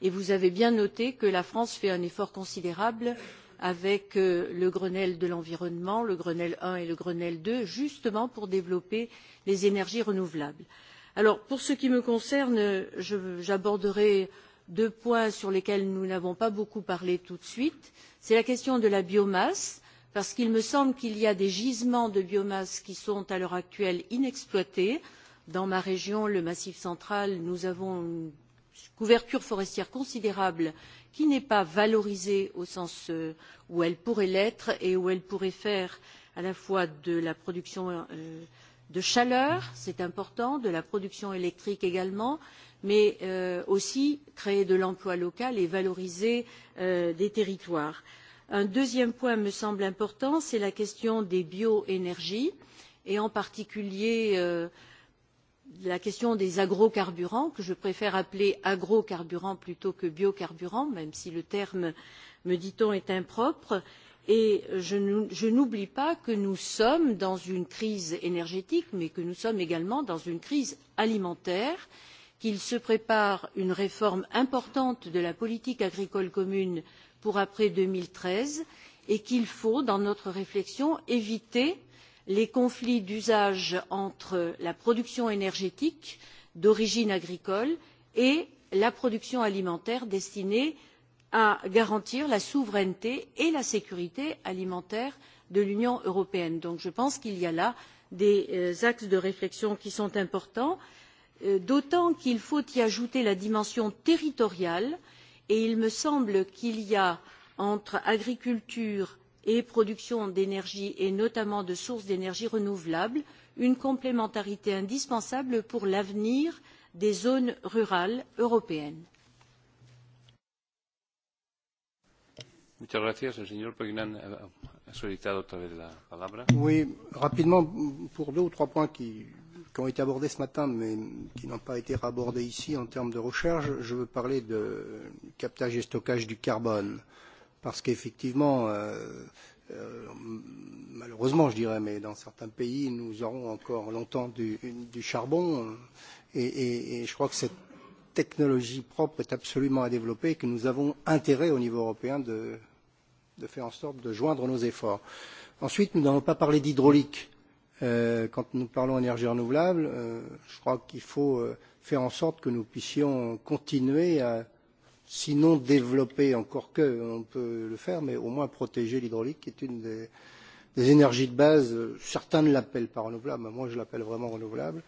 Speaker 5: Et vous avez bien noté que la France fait un effort considérable avec le Grenelle de l'environnement, le Grenelle I et le Grenelle II, justement pour développer les énergies renouvelables. Alors, pour ce qui me concerne, j'aborderai deux points sur lesquels nous n'avons pas beaucoup parlé tout de suite. C'est la question de la biomasse, parce qu'il me semble qu'il y a des gisements de biomasse qui sont à l'heure actuelle inexploités. Dans ma région, le Massif central, nous avons une couverture forestière considérable qui n'est pas valorisée au sens où elle pourrait l'être et où elle pourrait faire à la fois de la production de chaleur, c'est important, de la production électrique également, mais aussi créer de l'emploi local et valoriser des territoires. Un deuxième point me semble important, c'est la question des bioénergies et en particulier la question des agrocarburants, que je préfère appeler agrocarburants plutôt que biocarburants, même si le terme, me dit-on, est impropre et je n'oublie pas que nous sommes dans une crise énergétique mais que nous sommes également dans une crise alimentaire qu'il se prépare une réforme importante de la politique agricole commune pour après deux mille treize et qu'il faut dans notre réflexion éviter les conflits d'usage entre la production énergétique d'origine agricole et la production alimentaire destinée à garantir la souveraineté et la sécurité alimentaire de l'union européenne. donc je pense qu'il y a là des axes de réflexion qui sont importants d'autant qu'il faut y ajouter la dimension territoriale et il me semble qu'il y a entre agriculture et production d'énergie et notamment de sources d'énergie renouvelables, une complémentarité indispensable pour l'avenir des zones rurales européennes.
Speaker 16: Muchas la Oui,
Speaker 14: rapidement, pour deux ou trois points qui, ont été abordés ce matin, mais qui n'ont pas été abordés ici en termes de recherche, je veux parler de captage et stockage du carbone. Parce qu'effectivement, malheureusement, je dirais, mais dans certains pays, nous aurons encore longtemps du, charbon. Et, et, et je crois que cette technologie propre est absolument à développer et que nous avons intérêt au niveau européen de de faire en sorte de joindre nos efforts. Ensuite, nous n'allons pas parler d'hydraulique. Quand nous parlons d'énergie renouvelable, je crois qu'il faut faire en sorte que nous puissions continuer à, sinon développer, encore que on peut le faire, mais au moins protéger l'hydraulique, qui est une des des énergies de base, certains ne l'appellent pas renouvelable, mais moi je l'appelle vraiment renouvelable.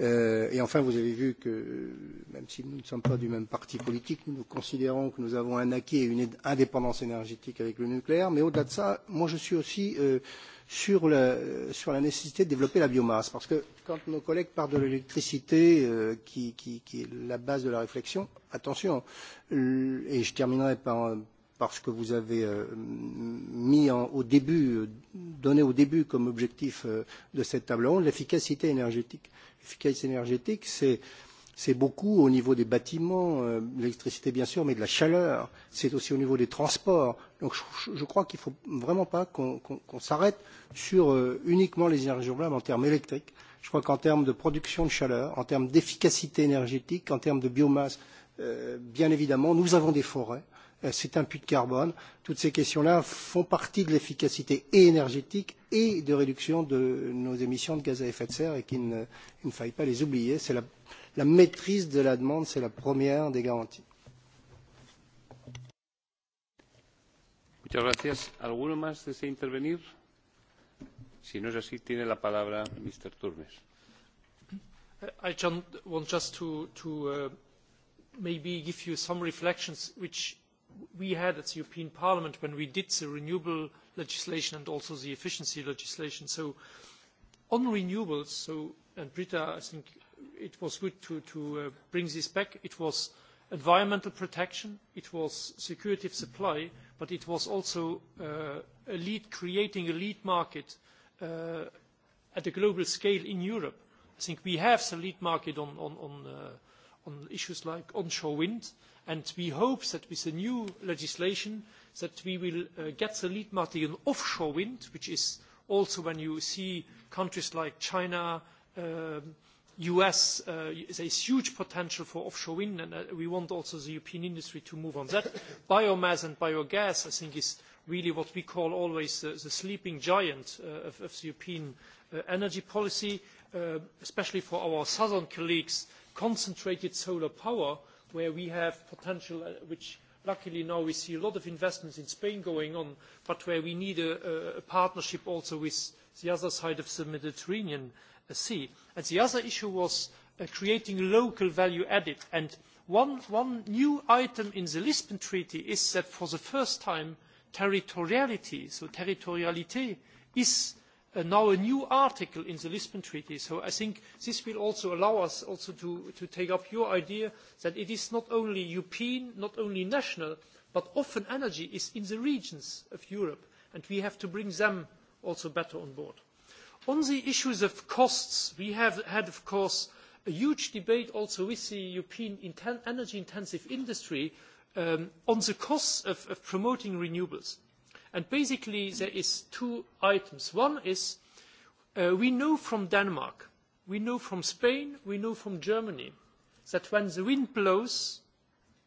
Speaker 14: Et enfin, vous avez vu que, même si nous ne sommes pas du même parti politique, nous considérons que nous avons un acquis et une indépendance énergétique avec le nucléaire. Mais au-delà de ça, moi, je suis aussi sur la nécessité de développer la biomasse. Parce que quand nos collègues parlent de l'électricité, qui est la base de la réflexion, attention, et je terminerai par parce que vous avez mis au début, donné au début comme objectif de cette table ronde, l'efficacité énergétique. L'efficacité énergétique, c'est beaucoup au niveau des bâtiments, l'électricité bien sûr, mais de la chaleur, c'est aussi au niveau des transports. Donc je crois qu'il ne faut vraiment pas qu'on s'arrête sur uniquement les énergies renouvelables en termes électriques. Je crois qu'en termes de production de chaleur, en termes d'efficacité énergétique, en termes de biomasse, bien évidemment, nous avons des forêts c'est un puits de carbone. Toutes ces questions-là font partie de l'efficacité énergétique et de réduction de nos émissions de gaz à effet de serre et qu'il ne faille pas les oublier. C'est la maîtrise de la demande, c'est la première des garanties
Speaker 1: we had at the European Parliament when we did the renewable legislation and also the efficiency legislation. So on renewables, so, and Britta, I think it was good to bring this back, it was environmental protection, it was security of supply, but it was also a lead, creating a lead market at a global scale in Europe. I think we have the lead market on on issues like onshore wind, and we hope that with the new legislation that we will get the lead market in offshore wind, which is also when you see countries like China, US, there is huge potential for offshore wind, and we want also the European industry to move on that. Biomass and biogas, I think, is really what we call always the sleeping giant of the European energy policy, especially for our southern colleagues concentrated solar power, where we have potential, which luckily now we see a lot of investments in Spain going on, but where we need a partnership also with the other side of the Mediterranean Sea. And the other issue was creating local value added. And one new item in the Lisbon Treaty is that for the first time territoriality, so territoriality, is now a new article in the Lisbon Treaty. So I think this will also allow us also to take up your idea that it is not only European, not only national, but often energy is in the regions of Europe, and we have to bring them also better on board. On the issues of costs, we have had, of course, a huge debate also with the European energy-intensive industry on the costs of promoting renewables. And basically there is two items. One is we know from Denmark, we know from Spain, we know from Germany that when the wind blows,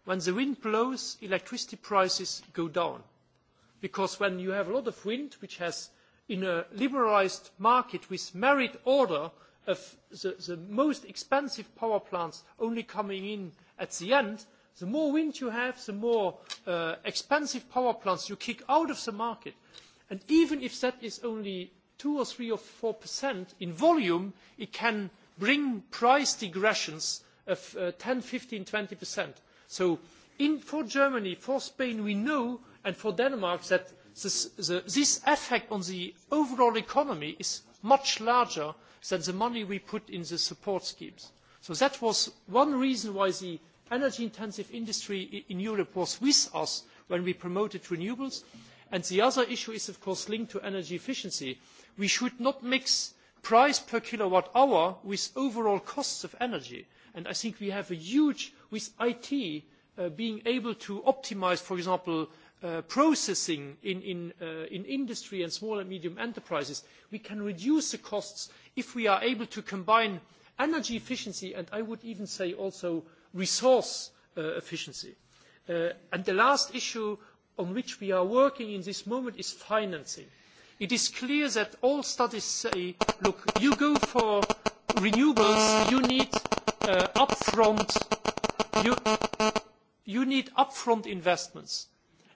Speaker 1: when the wind blows, electricity prices go down. Because when you have a lot of wind, which has in a liberalised market with merit order of the most expensive power plants only coming in at the end, The more wind you have, the more expensive power plants you kick out of the market. And even if that is only 2 or 3 or 4% in volume, it can bring price digressions of 10, 15, 20%. So for Germany, for Spain, we know, and for Denmark, that this effect on the overall economy is much larger than the money we put in the support schemes. So that was one reason why the energy intensive industry in Europe was with us when we promoted renewables. And the other issue is, of course, linked to energy efficiency. We should not mix price per kilowatt hour with overall costs of energy. And I think we have a huge, with IT being able to optimise, for example, processing in industry and small and medium enterprises, we can reduce the costs if we are able to combine energy efficiency and I would even say also resource efficiency. And the last issue on which we are working in this moment is financing. It is clear that all studies say, look, you go for renewables, you need upfront, you need upfront investments.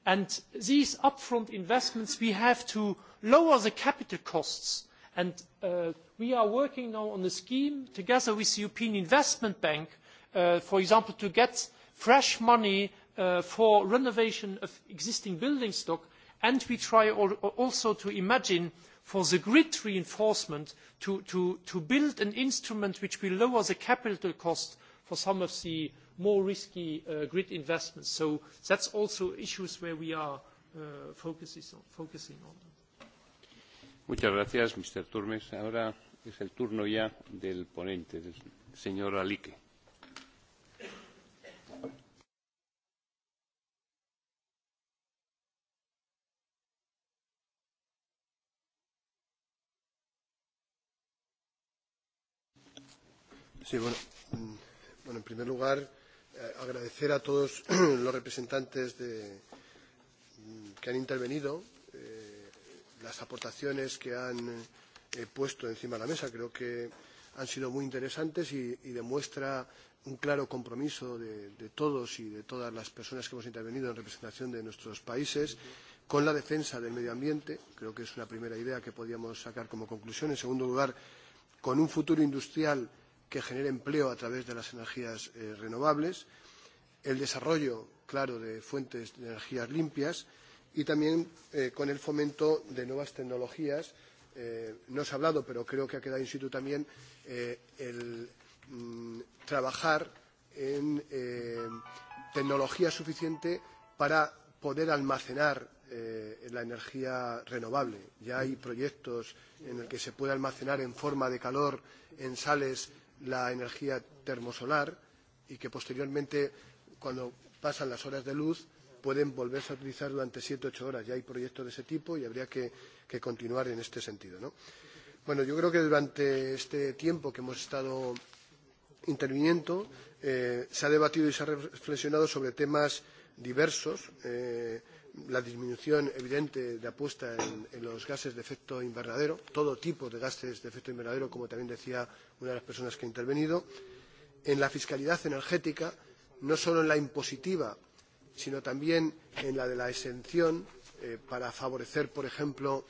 Speaker 1: And these upfront investments, we have to lower the capital costs. And we are working now on a scheme together with the European Investment Bank for example, to get fresh money for renovation of existing building stock, and we try also to imagine for the grid reinforcement to build an instrument which will lower the capital cost for some of the more risky grid investments. So that's also issues where we are focusing on.
Speaker 16: Muchas gracias, Mr. Turmes. Ahora es el turno ya del ponente, señor Alique.
Speaker 11: en primer lugar, agradecer a todos los representantes que han intervenido las aportaciones que han puesto encima de la mesa. Creo que han sido muy interesantes y, y demuestra un claro compromiso de, de todos y de todas las personas que hemos intervenido en representación de nuestros países con la defensa del medio ambiente. Creo que es una primera idea que podíamos sacar como conclusión. En segundo lugar, con un futuro industrial que genere empleo a través de las energías renovables, el desarrollo, claro, de fuentes de energías limpias y también con el fomento de nuevas tecnologías. No se ha hablado, pero creo que ha quedado in situ también el trabajar en tecnología suficiente para poder almacenar la energía renovable. Ya hay proyectos en los que se puede almacenar en forma de calor en sales la energía termosolar y que posteriormente, cuando pasan las horas de luz, pueden volverse a utilizar durante siete ocho horas. Ya hay proyectos de ese tipo y habría que continuar en este sentido. Bueno, yo creo que durante este tiempo que hemos estado interviniendo se ha debatido y se ha reflexionado sobre temas diversos la disminución evidente de apuesta en los gases de efecto invernadero, todo tipo de gases de efecto invernadero, como también decía una de las personas que ha intervenido, en la fiscalidad energética, no solo en la impositiva, sino también en la de la exención, para favorecer, por ejemplo,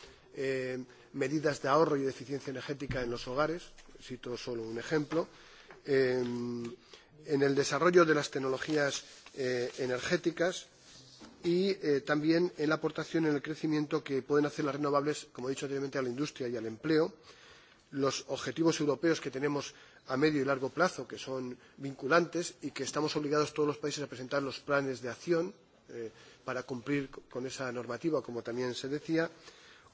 Speaker 11: medidas de ahorro y de eficiencia energética en los hogares, cito solo un ejemplo, en el desarrollo de las tecnologías energéticas y también en la aportación en el crecimiento que pueden hacer las renovables, como he dicho anteriormente, a la industria y al empleo. Los objetivos europeos que tenemos a medio y largo plazo, que son vinculantes y que estamos obligados todos los países a presentar los planes de acción para cumplir con esa normativa, como también se decía,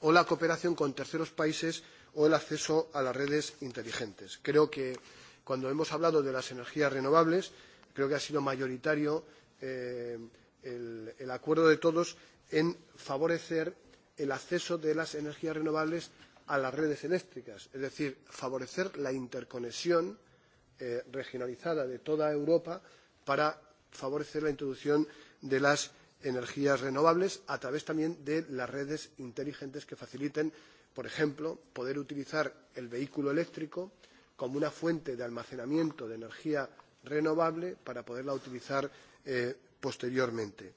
Speaker 11: o la cooperación con terceros países o el acceso a las redes inteligentes. Creo que cuando hemos hablado de las energías renovables, creo que ha sido mayoritario el acuerdo de todos en favorecer el acceso de las energías renovables a las redes eléctricas es decir favorecer la interconexión regionalizada de toda europa para favorecer la introducción de las energías renovables a través también de las redes inteligentes que faciliten por ejemplo poder utilizar el vehículo eléctrico como una fuente de almacenamiento de energía renovable para poderla utilizar posteriormente.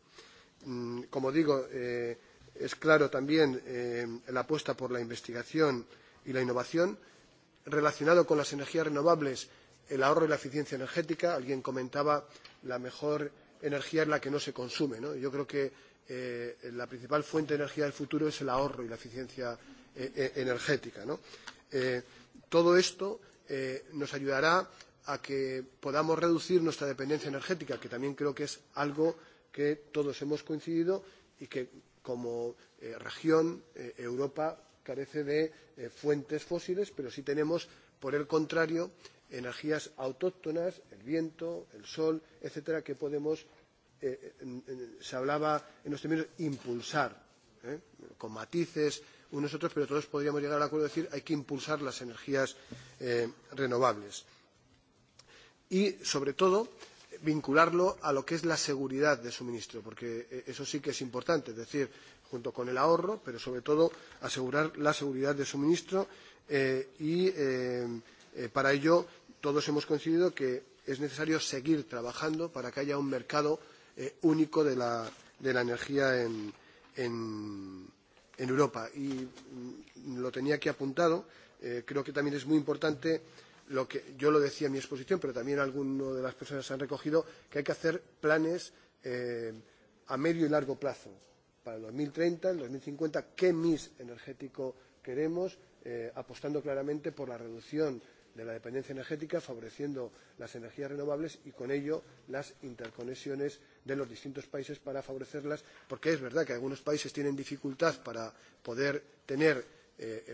Speaker 11: Como digo, es claro también la apuesta por la investigación y la innovación. Relacionado con las energías renovables, el ahorro y la eficiencia energética. Alguien comentaba la mejor energía es la que no se consume. Yo creo que la principal fuente de energía del futuro es el ahorro y la eficiencia energética. Todo esto nos ayudará a que podamos reducir nuestra dependencia energética, que también creo que es algo que todos hemos coincidido y que como región Europa carece de fuentes fósiles, pero sí tenemos, por el contrario, energías autóctonas, el viento, el sol, etcétera, que podemos, se hablaba en los términos, impulsar, con matices unos otros, pero todos podríamos llegar al acuerdo de decir hay que impulsar las energías renovables y, sobre todo, vincularlo a lo que es la seguridad de suministro, porque eso sí que es importante, es decir, junto con el ahorro, pero sobre todo asegurar la seguridad de suministro y para ello todos hemos coincidido que es necesario seguir trabajando para que haya un mercado único de la energía en Europa. Y lo tenía aquí apuntado, creo que también es muy importante yo lo decía en mi exposición pero también algunas de las personas han recogido que hay que hacer planes a medio y largo plazo para el 2030 el 2050 qué mix energético queremos apostando claramente por la reducción de la dependencia energética favoreciendo las energías renovables y con ello las interconexiones de los distintos países para favorecerlas porque es verdad que algunos países tienen dificultad para poder tener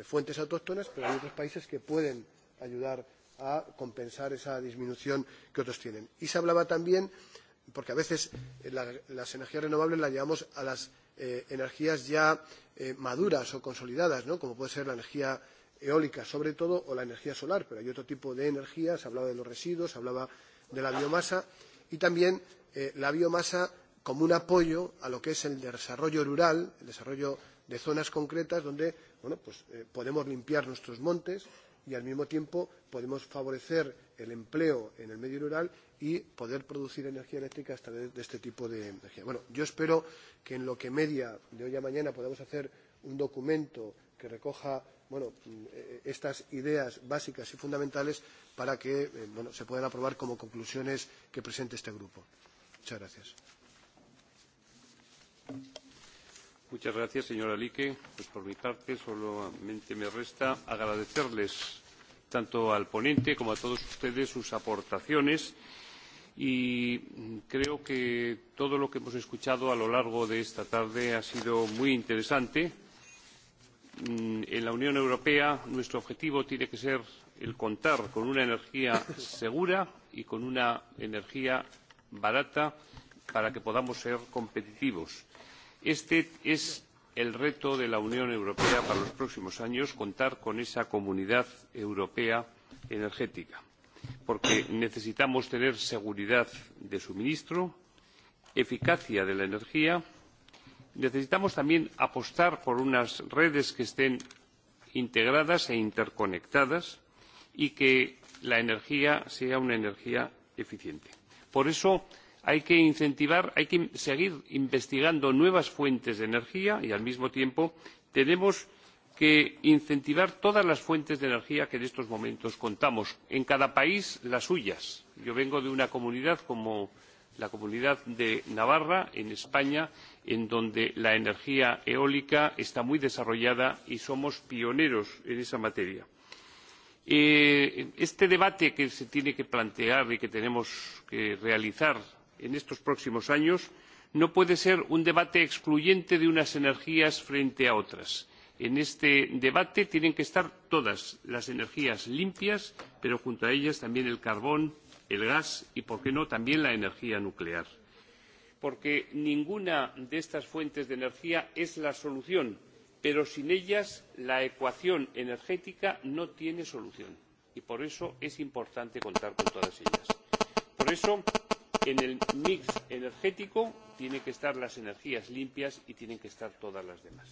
Speaker 11: fuentes autóctonas pero hay otros países que pueden ayudar a compensar esa disminución que otros tienen. Y se hablaba también, porque a veces las energías renovables las llevamos a las energías ya maduras o consolidadas, como puede ser la energía eólica, sobre todo, o la energía solar, pero hay otro tipo de energías, se hablaba de los residuos, se hablaba de la biomasa y también la biomasa como un apoyo a lo que es el desarrollo rural, el desarrollo de zonas concretas donde podemos limpiar nuestros montes y al mismo tiempo podemos favorecer el empleo en el medio rural y poder producir energía eléctrica a través de este tipo de energía. Bueno, yo espero que en lo que media de hoy a mañana podamos hacer un documento que recoja bueno, estas ideas básicas y fundamentales para que bueno, se puedan aprobar como conclusiones que presente este grupo. Muchas gracias.
Speaker 16: Muchas gracias, señora Lique. Pues por mi parte, solamente me resta agradecerles tanto al ponente como a todos ustedes sus aportaciones y creo que todo lo que hemos escuchado a lo largo de esta tarde ha sido muy interesante. En la Unión Europea nuestro objetivo tiene que ser el contar con una energía segura y con una energía barata para que podamos ser competitivos Este es el reto de la Unión Europea para los próximos años, contar con esa comunidad europea energética, porque necesitamos tener seguridad de suministro, eficacia de la energía, necesitamos también apostar por unas redes que estén integradas e interconectadas y que la energía sea una energía eficiente. Por eso, hay que incentivar hay que seguir investigando nuevas fuentes de energía y al mismo tiempo tenemos que incentivar todas las fuentes de energía que en estos momentos contamos en cada país las suyas. yo vengo de una comunidad como la comunidad de navarra en españa en donde la energía eólica está muy desarrollada y somos pioneros en esa materia. este debate que se tiene que plantear y que tenemos que realizar en estos próximos años no puede ser un debate excluyente de unas energías frente a otras. en este debate tienen que estar todas las energías limpias pero junto a ellas también el carbón el gas y por qué no también la energía nuclear porque ninguna de estas fuentes de energía es la solución pero sin ellas la ecuación energética no tiene solución y por eso es importante contar con todas ellas. por eso en el mix energético tienen que estar las energías limpias y tienen que estar todas las demás.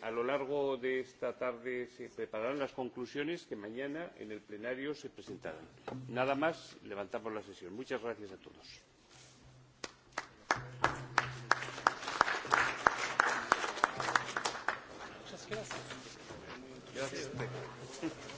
Speaker 16: A lo largo de esta tarde se prepararán las conclusiones que mañana en el plenario se presentarán. Nada más, levantamos la sesión. Muchas gracias a
Speaker 14: todos.